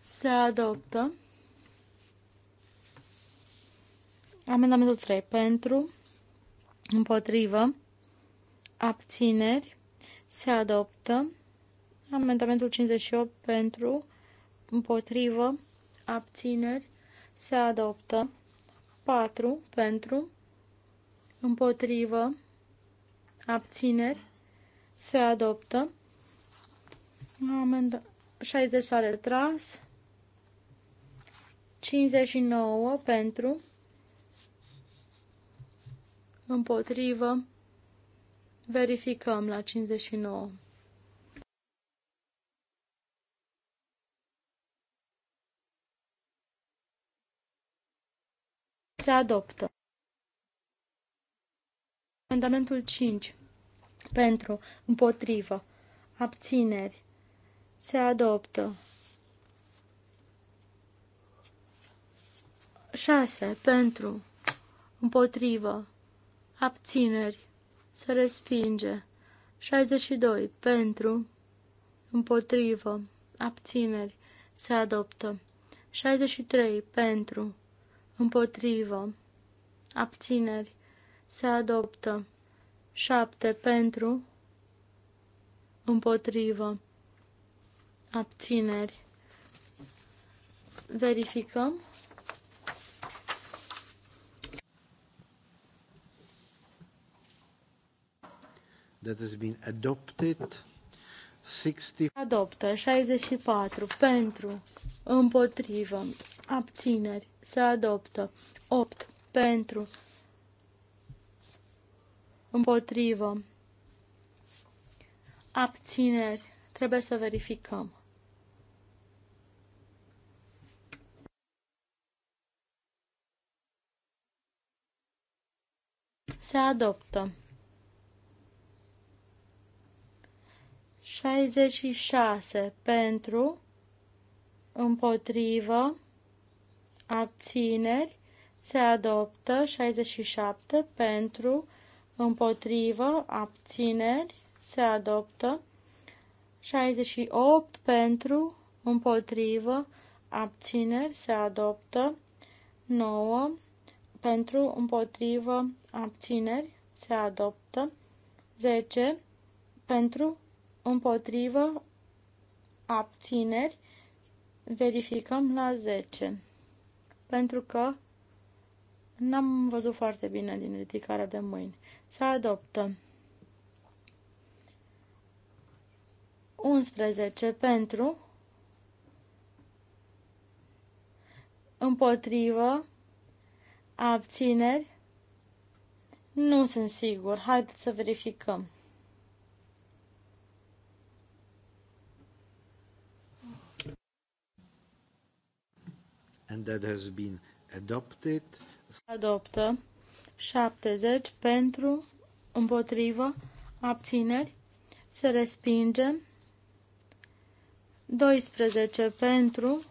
Se adoptă. Amendamentul 3 pentru, împotrivă, abțineri, se adoptă. Amendamentul 58 pentru, împotrivă, abțineri, se adoptă. 4 pentru, împotrivă, abțineri, se adoptă. Amenda 60 s-a retras. 59 pentru, împotrivă, verificăm la 59. Se adoptă. Amendamentul 5. Pentru, împotrivă, abțineri. Se adoptă. 6. Pentru, împotrivă, abțineri, se respinge. 62. Pentru, împotrivă, abțineri, se adoptă. 63. Pentru, împotrivă, abțineri, se adoptă. 7. Pentru, împotrivă, abțineri. Verificăm. that has been adopted. 60... Adoptă 64 pentru, împotrivă, abțineri, se adoptă 8 pentru, împotrivă, abțineri, trebuie să verificăm. Se adoptă 66 pentru, împotrivă, abțineri, se adoptă 67 pentru, împotrivă, abțineri, se adoptă 68 pentru, împotrivă, abțineri, se adoptă 9 pentru, împotrivă, abțineri, se adoptă 10 pentru, împotrivă, abțineri, verificăm la 10. Pentru că n-am văzut foarte bine din ridicarea de mâini. Să adoptă. 11 pentru, împotrivă, abțineri, nu sunt sigur. Haideți să verificăm. and that has been adopted. Adoptă 70 pentru, împotrivă, abțineri, se respinge. 12 pentru,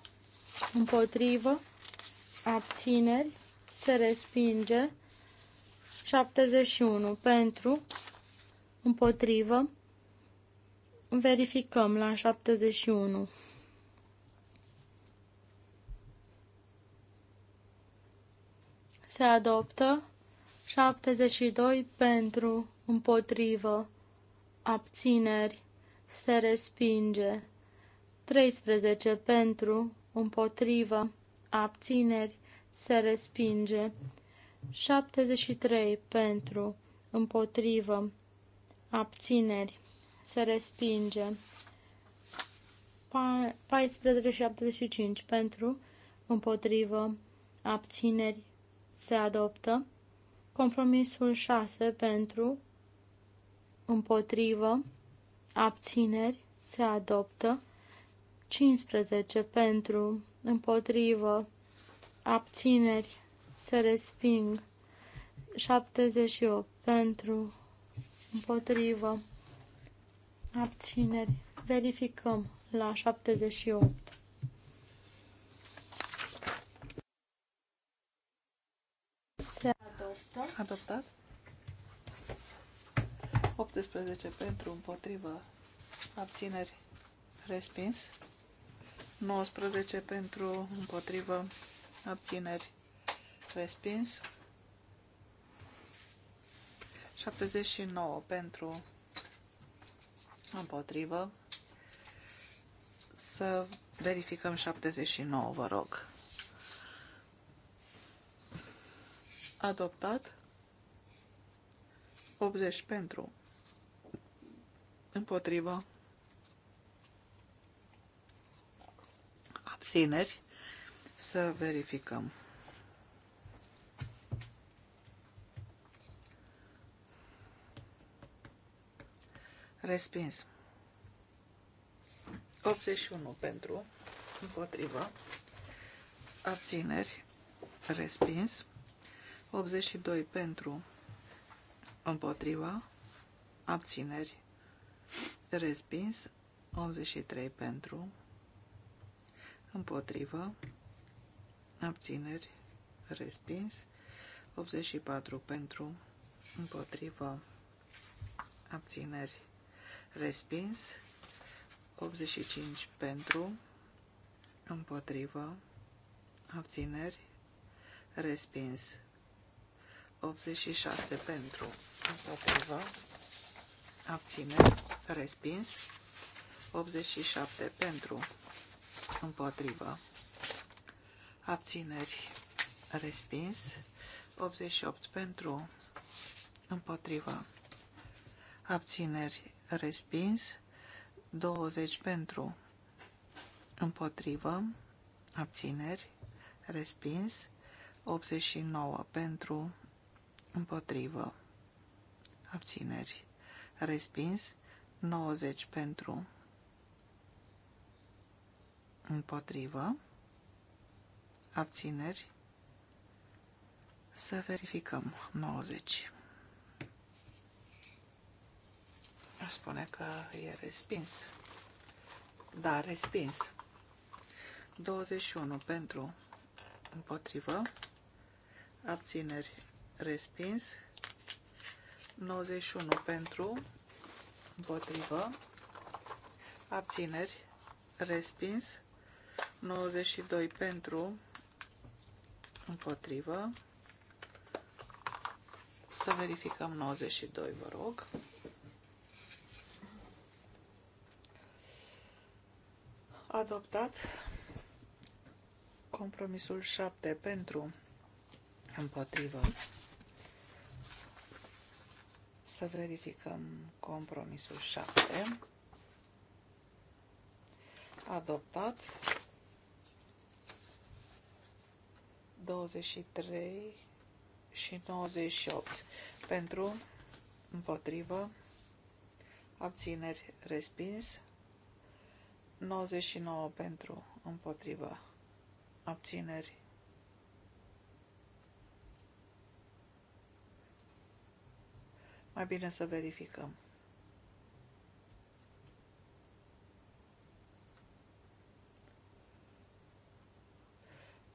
împotrivă, abțineri, se respinge. 71 pentru, împotrivă, verificăm la 71. se adoptă 72 pentru, împotrivă, abțineri, se respinge 13 pentru, împotrivă, abțineri, se respinge 73 pentru, împotrivă, abțineri, se respinge 75 pentru, împotrivă, abțineri, se adoptă. Compromisul 6 pentru, împotrivă, abțineri, se adoptă. 15 pentru, împotrivă, abțineri, se resping. 78 pentru, împotrivă, abțineri. Verificăm la 78. Da? Adoptat. 18 pentru, împotrivă, abțineri, respins. 19 pentru, împotrivă, abțineri, respins. 79 pentru, împotrivă. Să verificăm 79, vă rog. adoptat, 80 pentru, împotrivă, abțineri, să verificăm. Respins. 81 pentru, împotrivă, abțineri, respins. 82 pentru, împotriva, abțineri, respins, 83 pentru, împotrivă, abțineri, respins, 84 pentru, împotrivă, abțineri, respins, 85 pentru, împotrivă, abțineri, respins, 86 pentru, împotriva abțineri, respins. 87 pentru, împotrivă, abțineri, respins. 88 pentru, împotrivă, abțineri, respins. 20 pentru, împotrivă, abțineri, respins. 89 pentru, împotrivă, abțineri, respins, 90 pentru, împotrivă, abțineri, să verificăm 90. Spune că e respins. Da, respins. 21 pentru împotrivă, abțineri respins. 91 pentru, împotrivă, abțineri, respins. 92 pentru, împotrivă. Să verificăm 92, vă rog. Adoptat compromisul 7 pentru împotrivă să verificăm compromisul 7. Adoptat. 23 și 98. Pentru, împotrivă, abțineri, respins. 99 pentru, împotrivă, abțineri, Mai bine să verificăm.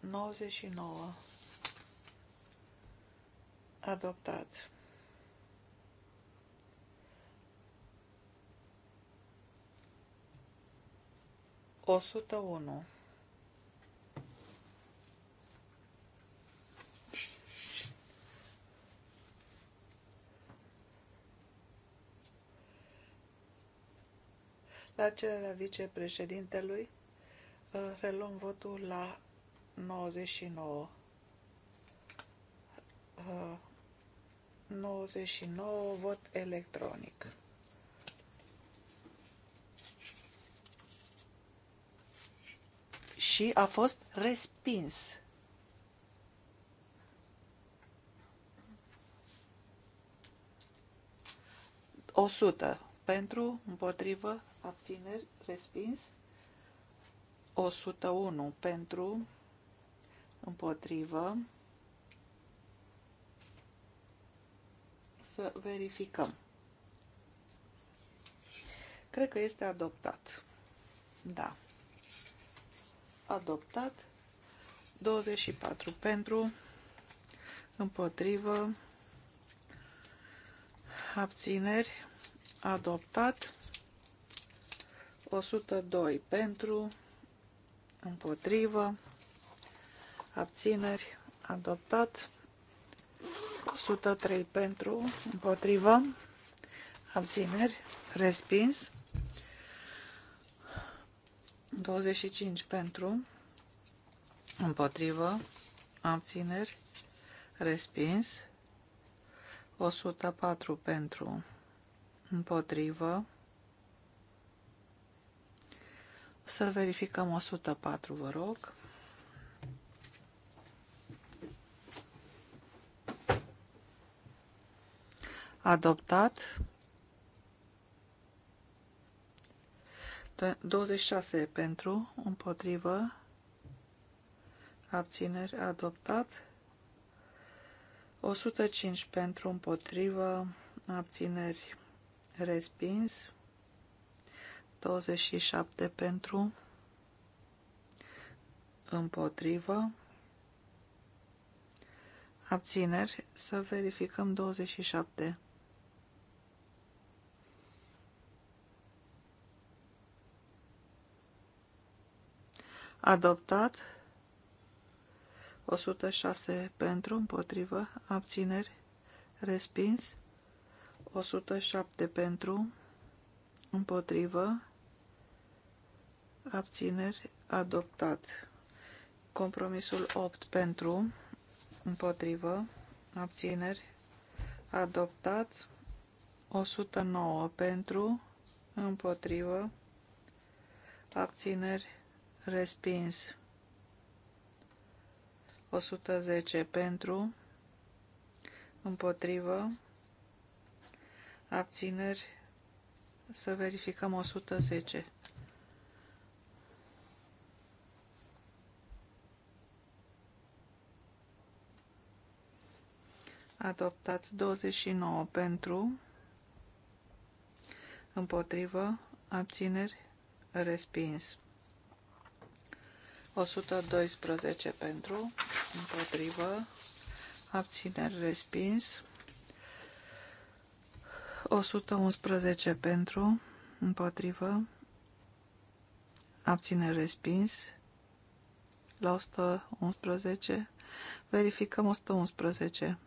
Nouăzeci și nouă. Adoptat. O sută unu. La cererea vicepreședintelui uh, reluăm votul la 99. 99 uh, vot electronic. Și a fost respins. O sută pentru, împotrivă, abțineri, respins. 101 pentru, împotrivă. Să verificăm. Cred că este adoptat. Da. Adoptat. 24 pentru, împotrivă, abțineri, adoptat. 102 pentru, împotrivă, abțineri, adoptat. 103 pentru, împotrivă, abțineri, respins. 25 pentru, împotrivă, abțineri, respins. 104 pentru, împotrivă, Să verificăm 104, vă rog. Adoptat. 26 pentru, împotrivă, abțineri, adoptat. 105 pentru, împotrivă, abțineri, respins. 27 pentru, împotrivă, abțineri, să verificăm 27. Adoptat, 106 pentru, împotrivă, abțineri, respins, 107 pentru, împotrivă, abțineri, adoptat. Compromisul 8 pentru, împotrivă, abțineri, adoptat. 109 pentru, împotrivă, abțineri, respins. 110 pentru, împotrivă, abțineri, să verificăm 110. adoptați 29 pentru, împotrivă, abțineri, respins. 112 pentru, împotrivă, abțineri, respins. 111 pentru, împotrivă, abțineri, respins. La 111, verificăm 111.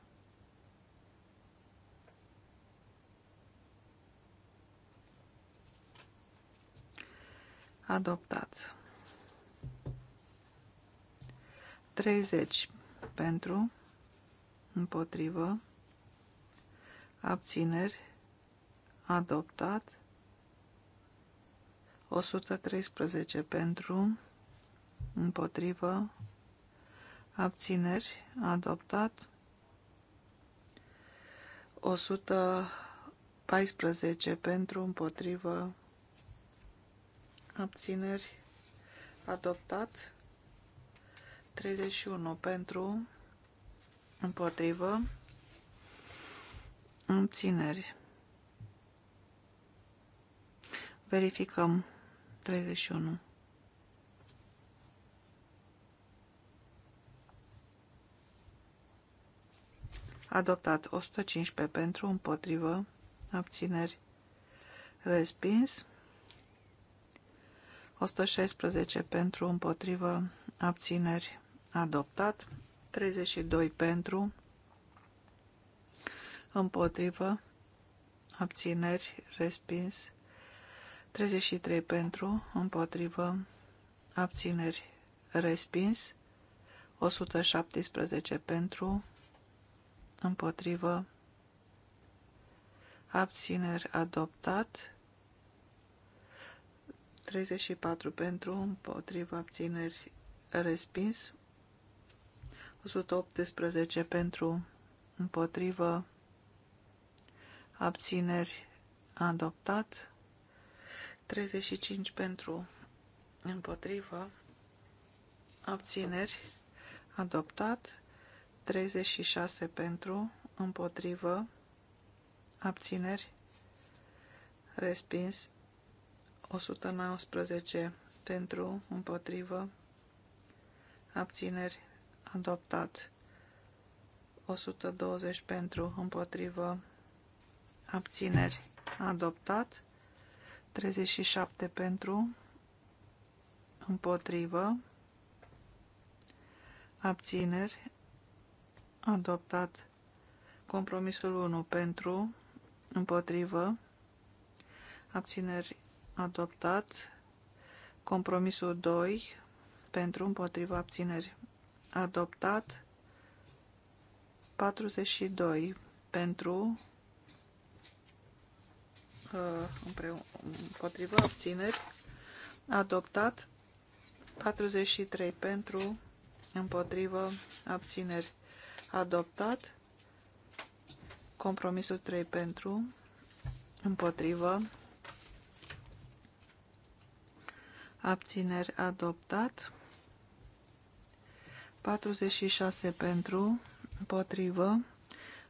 adoptat. 30 pentru, împotrivă, abțineri, adoptat. 113 pentru, împotrivă, abțineri, adoptat. 114 pentru, împotrivă, abțineri, adoptat. 31 pentru, împotrivă, abțineri. Verificăm 31. Adoptat 115 pentru, împotrivă, abțineri, respins. 116 pentru, împotrivă, abțineri, adoptat. 32 pentru, împotrivă, abțineri, respins. 33 pentru, împotrivă, abțineri, respins. 117 pentru, împotrivă, abțineri, adoptat. 34 pentru, împotriva abțineri respins. 118 pentru, împotriva abțineri adoptat. 35 pentru, împotriva abțineri adoptat. 36 pentru, împotrivă, abțineri, respins, 119 pentru, împotrivă, abțineri, adoptat. 120 pentru, împotrivă, abțineri, adoptat. 37 pentru, împotrivă, abțineri, adoptat. Compromisul 1 pentru, împotrivă, abțineri, adoptat. Compromisul 2 pentru împotriva abțineri adoptat. 42 pentru uh, împotriva abțineri adoptat. 43 pentru împotriva abțineri adoptat. Compromisul 3 pentru împotriva abțineri adoptat, 46 pentru, împotrivă,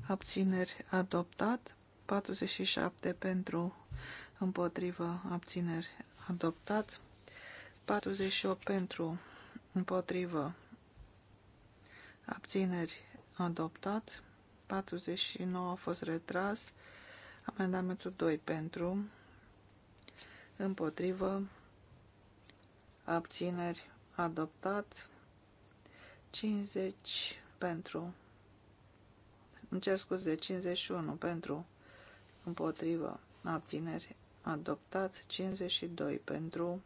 abțineri adoptat, 47 pentru, împotrivă, abțineri adoptat, 48 pentru, împotrivă, abțineri adoptat, 49 a fost retras, amendamentul 2 pentru, împotrivă, abțineri, adoptat. 50 pentru, îmi cer scuze, 51 pentru, împotrivă, abțineri, adoptat. 52 pentru,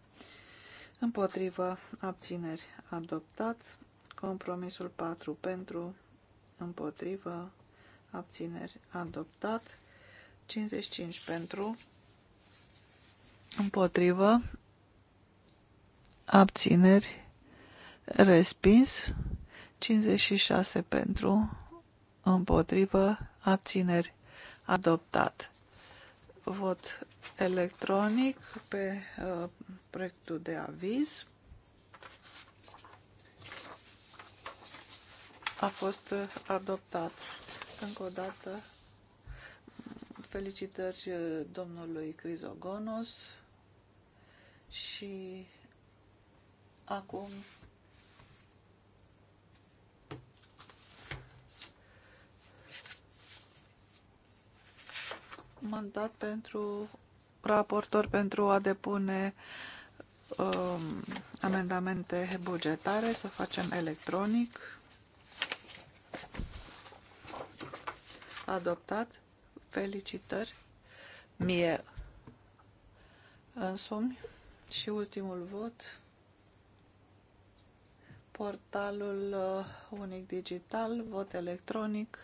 împotrivă, abțineri, adoptat. Compromisul 4 pentru, împotrivă, abțineri, adoptat. 55 pentru, împotrivă, abțineri, respins, 56 pentru, împotrivă, abțineri, adoptat. Vot electronic pe uh, proiectul de aviz. A fost uh, adoptat. Încă o dată, felicitări uh, domnului Crizogonos și acum mandat pentru raportor pentru a depune um, amendamente bugetare, să facem electronic. Adoptat. Felicitări. Mie însumi. Și ultimul vot portalul uh, unic digital, vot electronic.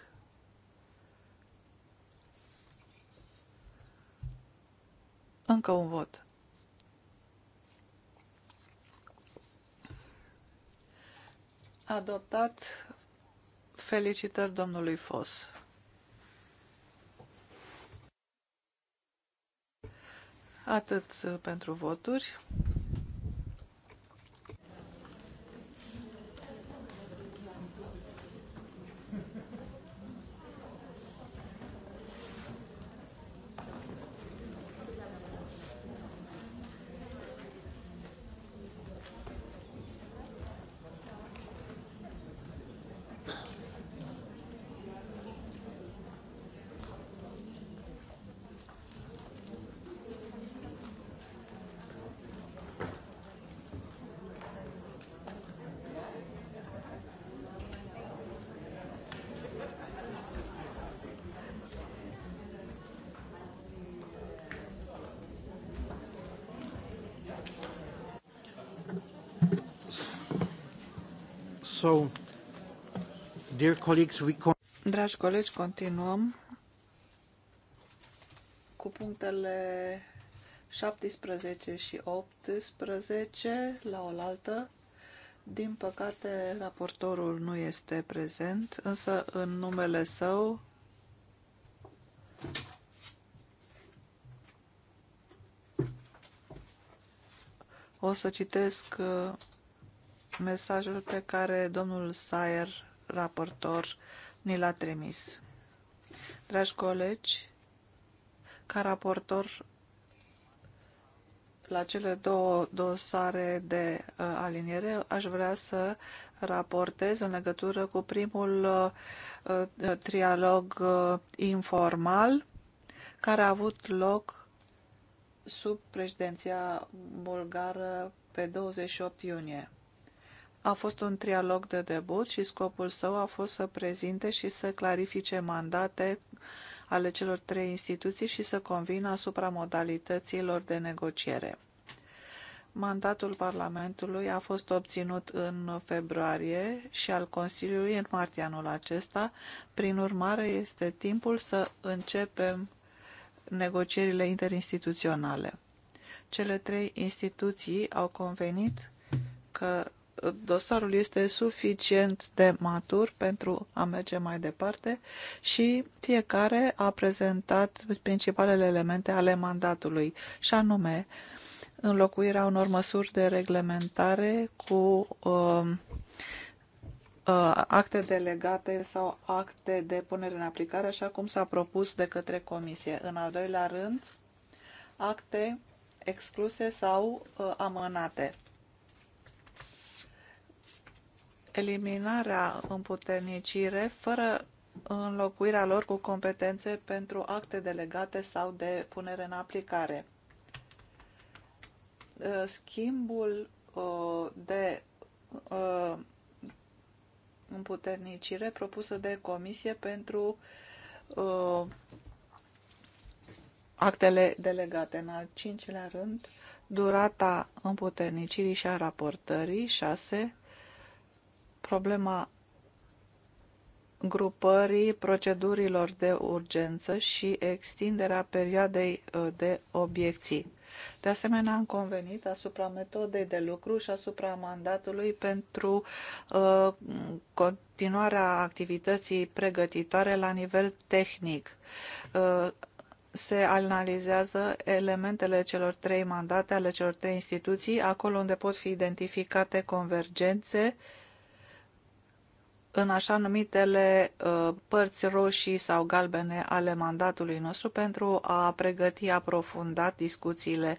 Încă un vot. Adoptat. Felicitări domnului Fos. Atât pentru voturi. So, dear colleagues, we Dragi colegi, continuăm cu punctele 17 și 18 la oaltă. Din păcate, raportorul nu este prezent, însă în numele său o să citesc uh, mesajul pe care domnul Sayer, raportor, ni l-a trimis. Dragi colegi, ca raportor la cele două dosare de uh, aliniere, aș vrea să raportez în legătură cu primul uh, uh trialog uh, informal care a avut loc sub președinția bulgară pe 28 iunie. A fost un trialog de debut și scopul său a fost să prezinte și să clarifice mandate ale celor trei instituții și să convină asupra modalităților de negociere. Mandatul Parlamentului a fost obținut în februarie și al Consiliului în martie anul acesta. Prin urmare, este timpul să începem negocierile interinstituționale. Cele trei instituții au convenit că dosarul este suficient de matur pentru a merge mai departe și fiecare a prezentat principalele elemente ale mandatului, și anume înlocuirea unor măsuri de reglementare cu um, uh, acte delegate sau acte de punere în aplicare, așa cum s-a propus de către Comisie. În al doilea rând, acte excluse sau uh, amânate eliminarea împuternicire fără înlocuirea lor cu competențe pentru acte delegate sau de punere în aplicare. Uh, schimbul uh, de uh, împuternicire propusă de comisie pentru actele delegate. În al cincilea rând, durata împuternicirii și a raportării, 6 problema grupării procedurilor de urgență și extinderea perioadei uh, de obiecții. De asemenea, am convenit asupra metodei de lucru și asupra mandatului pentru uh, continuarea activității pregătitoare la nivel tehnic. Uh, se analizează elementele celor trei mandate ale celor trei instituții, acolo unde pot fi identificate convergențe uh, în așa numitele uh, părți roșii sau galbene ale mandatului nostru pentru a pregăti aprofundat discuțiile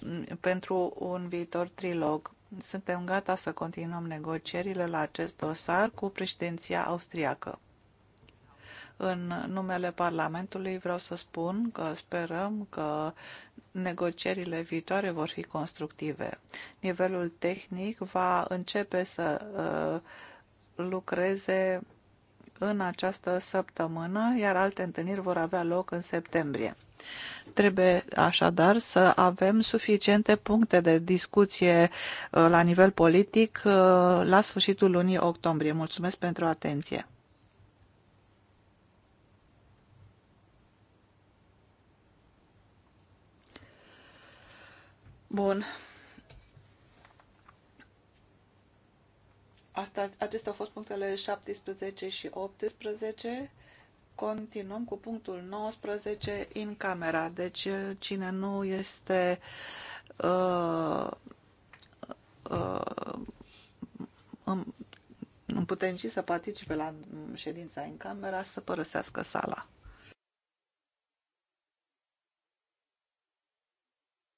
mm, pentru un viitor trilog. Suntem gata să continuăm negocierile la acest dosar cu președinția austriacă. În numele Parlamentului vreau să spun că sperăm că negocierile viitoare vor fi constructive. Nivelul tehnic va începe să uh, lucreze în această săptămână, iar alte întâlniri vor avea loc în septembrie. Trebuie așadar să avem suficiente puncte de discuție uh, la nivel politic uh, la sfârșitul lunii octombrie. Mulțumesc pentru atenție! Bun. Asta, acestea au fost punctele 17 și 18. Continuăm cu punctul 19 în camera. Deci cine nu este uh, uh, împutenci să participe la ședința în camera, să părăsească sala.